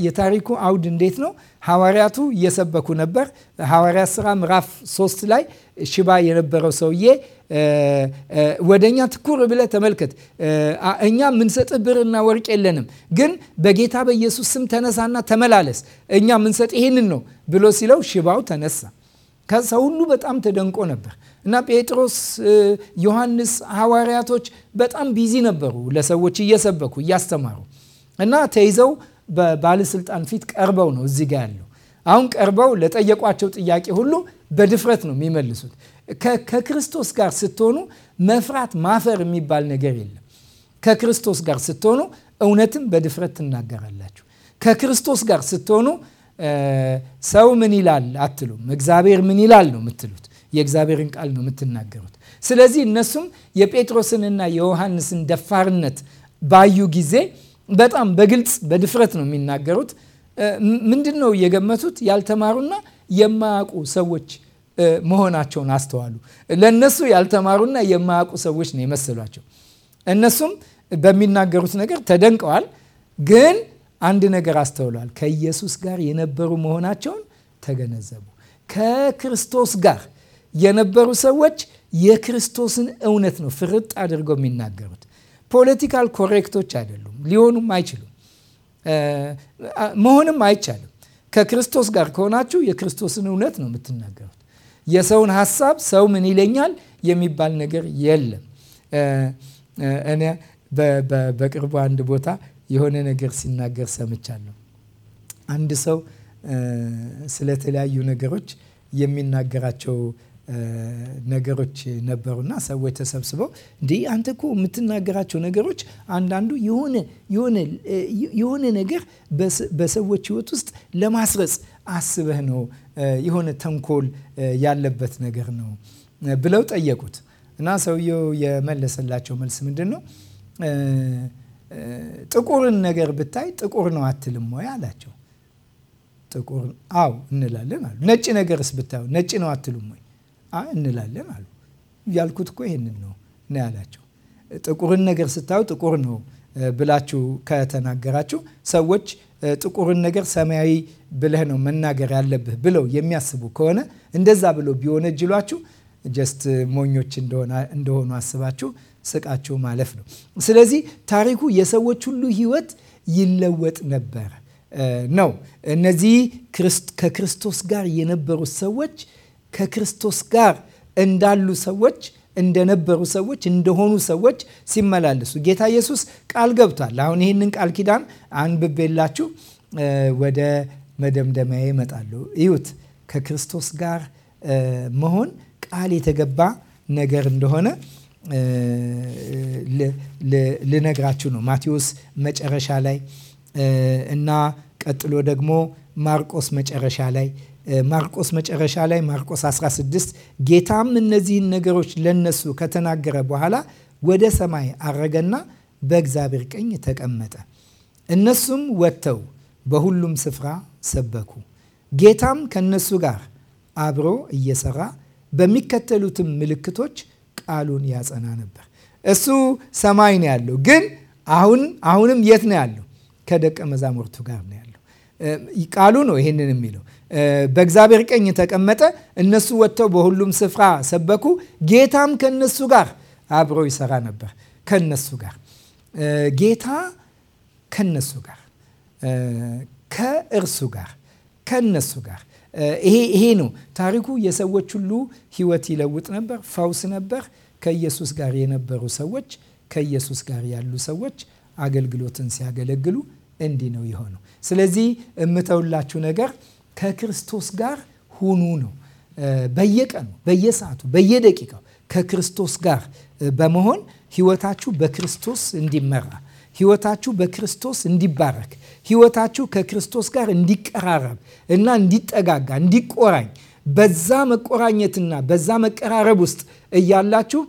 የታሪኩ አውድ እንዴት ነው? ሐዋርያቱ እየሰበኩ ነበር። ሐዋርያት ስራ ምዕራፍ ሶስት ላይ ሽባ የነበረው ሰውዬ ወደ እኛ ትኩር ብለህ ተመልከት፣ እኛ የምንሰጥህ ብርና ወርቅ የለንም፣ ግን በጌታ በኢየሱስ ስም ተነሳና ተመላለስ፣ እኛ የምንሰጥ ይህንን ነው ብሎ ሲለው ሽባው ተነሳ። ከሰው ሁሉ በጣም ተደንቆ ነበር። እና ጴጥሮስ፣ ዮሐንስ ሐዋርያቶች በጣም ቢዚ ነበሩ ለሰዎች እየሰበኩ እያስተማሩ እና ተይዘው በባለስልጣን ፊት ቀርበው ነው እዚህ ጋ ያለው። አሁን ቀርበው ለጠየቋቸው ጥያቄ ሁሉ በድፍረት ነው የሚመልሱት። ከክርስቶስ ጋር ስትሆኑ መፍራት ማፈር የሚባል ነገር የለም። ከክርስቶስ ጋር ስትሆኑ እውነትም በድፍረት ትናገራላችሁ። ከክርስቶስ ጋር ስትሆኑ ሰው ምን ይላል አትሉም፣ እግዚአብሔር ምን ይላል ነው የምትሉት። የእግዚአብሔርን ቃል ነው የምትናገሩት። ስለዚህ እነሱም የጴጥሮስንና የዮሐንስን ደፋርነት ባዩ ጊዜ በጣም በግልጽ በድፍረት ነው የሚናገሩት። ምንድን ነው የገመቱት? ያልተማሩና የማያውቁ ሰዎች መሆናቸውን አስተዋሉ። ለእነሱ ያልተማሩና የማያውቁ ሰዎች ነው የመሰሏቸው። እነሱም በሚናገሩት ነገር ተደንቀዋል። ግን አንድ ነገር አስተውሏል። ከኢየሱስ ጋር የነበሩ መሆናቸውን ተገነዘቡ። ከክርስቶስ ጋር የነበሩ ሰዎች የክርስቶስን እውነት ነው ፍርጥ አድርገው የሚናገሩት። ፖለቲካል ኮሬክቶች አይደሉም፣ ሊሆኑም አይችሉም፣ መሆንም አይቻልም። ከክርስቶስ ጋር ከሆናችሁ የክርስቶስን እውነት ነው የምትናገሩት። የሰውን ሀሳብ ሰው ምን ይለኛል የሚባል ነገር የለም። እኔ በቅርቡ አንድ ቦታ የሆነ ነገር ሲናገር ሰምቻለሁ። አንድ ሰው ስለተለያዩ ነገሮች የሚናገራቸው ነገሮች ነበሩና ሰዎች ተሰብስበው እንዲህ አንተ እኮ የምትናገራቸው ነገሮች አንዳንዱ የሆነ ነገር በሰዎች ሕይወት ውስጥ ለማስረጽ አስበህ ነው፣ የሆነ ተንኮል ያለበት ነገር ነው ብለው ጠየቁት እና ሰውየው የመለሰላቸው መልስ ምንድን ነው? ጥቁርን ነገር ብታይ ጥቁር ነው አትልም ወይ አላቸው። ጥቁር አዎ እንላለን አሉ። ነጭ ነገርስ ብታዩ ነጭ ነው አትሉም ወይ? እንላለን አሉ። ያልኩት እኮ ይህንን ነው ነው ያላቸው። ጥቁርን ነገር ስታዩ ጥቁር ነው ብላችሁ ከተናገራችሁ ሰዎች ጥቁርን ነገር ሰማያዊ ብለህ ነው መናገር ያለብህ ብለው የሚያስቡ ከሆነ እንደዛ ብለው ቢወነጅሏችሁ ጀስት ሞኞች እንደሆኑ አስባችሁ ስቃችሁ ማለፍ ነው። ስለዚህ ታሪኩ የሰዎች ሁሉ ህይወት ይለወጥ ነበር ነው። እነዚህ ከክርስቶስ ጋር የነበሩት ሰዎች ከክርስቶስ ጋር እንዳሉ ሰዎች እንደነበሩ ሰዎች እንደሆኑ ሰዎች ሲመላለሱ ጌታ ኢየሱስ ቃል ገብቷል። አሁን ይህንን ቃል ኪዳን አንብቤላችሁ ወደ መደምደሚያ ይመጣሉ። እዩት። ከክርስቶስ ጋር መሆን ቃል የተገባ ነገር እንደሆነ ልነግራችሁ ነው። ማቴዎስ መጨረሻ ላይ እና ቀጥሎ ደግሞ ማርቆስ መጨረሻ ላይ ማርቆስ መጨረሻ ላይ ማርቆስ 16 ጌታም እነዚህን ነገሮች ለነሱ ከተናገረ በኋላ ወደ ሰማይ አረገና በእግዚአብሔር ቀኝ ተቀመጠ። እነሱም ወጥተው በሁሉም ስፍራ ሰበኩ። ጌታም ከነሱ ጋር አብሮ እየሰራ በሚከተሉትም ምልክቶች ቃሉን ያጸና ነበር። እሱ ሰማይ ነው ያለው፣ ግን አሁን አሁንም የት ነው ያለው? ከደቀ መዛሙርቱ ጋር ነው ያለው። ቃሉ ነው ይህንን የሚለው በእግዚአብሔር ቀኝ ተቀመጠ። እነሱ ወጥተው በሁሉም ስፍራ ሰበኩ። ጌታም ከነሱ ጋር አብሮ ይሰራ ነበር። ከነሱ ጋር ጌታ ከነሱ ጋር ከእርሱ ጋር ከነሱ ጋር ይሄ ነው ታሪኩ። የሰዎች ሁሉ ህይወት ይለውጥ ነበር። ፈውስ ነበር። ከኢየሱስ ጋር የነበሩ ሰዎች ከኢየሱስ ጋር ያሉ ሰዎች አገልግሎትን ሲያገለግሉ እንዲህ ነው የሆነው። ስለዚህ የምተውላችሁ ነገር ከክርስቶስ ጋር ሁኑ ነው። በየቀኑ በየሰዓቱ፣ በየደቂቃው ከክርስቶስ ጋር በመሆን ህይወታችሁ በክርስቶስ እንዲመራ ህይወታችሁ በክርስቶስ እንዲባረክ ህይወታችሁ ከክርስቶስ ጋር እንዲቀራረብ እና እንዲጠጋጋ እንዲቆራኝ በዛ መቆራኘትና በዛ መቀራረብ ውስጥ እያላችሁ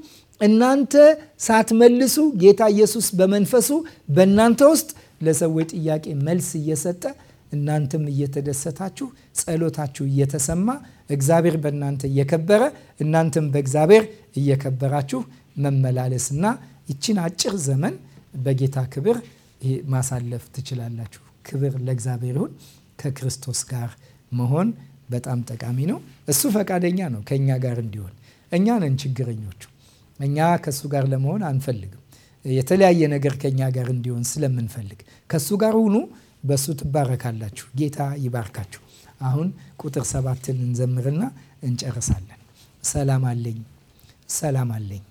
እናንተ ሳትመልሱ ጌታ ኢየሱስ በመንፈሱ በእናንተ ውስጥ ለሰዎች ጥያቄ መልስ እየሰጠ እናንተም እየተደሰታችሁ ጸሎታችሁ እየተሰማ እግዚአብሔር በእናንተ እየከበረ እናንተም በእግዚአብሔር እየከበራችሁ መመላለስና ይችን አጭር ዘመን በጌታ ክብር ማሳለፍ ትችላላችሁ። ክብር ለእግዚአብሔር ይሁን። ከክርስቶስ ጋር መሆን በጣም ጠቃሚ ነው። እሱ ፈቃደኛ ነው ከእኛ ጋር እንዲሆን። እኛ ነን ችግረኞቹ። እኛ ከእሱ ጋር ለመሆን አንፈልግም። የተለያየ ነገር ከእኛ ጋር እንዲሆን ስለምንፈልግ ከእሱ ጋር ሁኑ በእሱ ትባረካላችሁ። ጌታ ይባርካችሁ። አሁን ቁጥር ሰባትን እንዘምርና እንጨርሳለን። ሰላም አለኝ፣ ሰላም አለኝ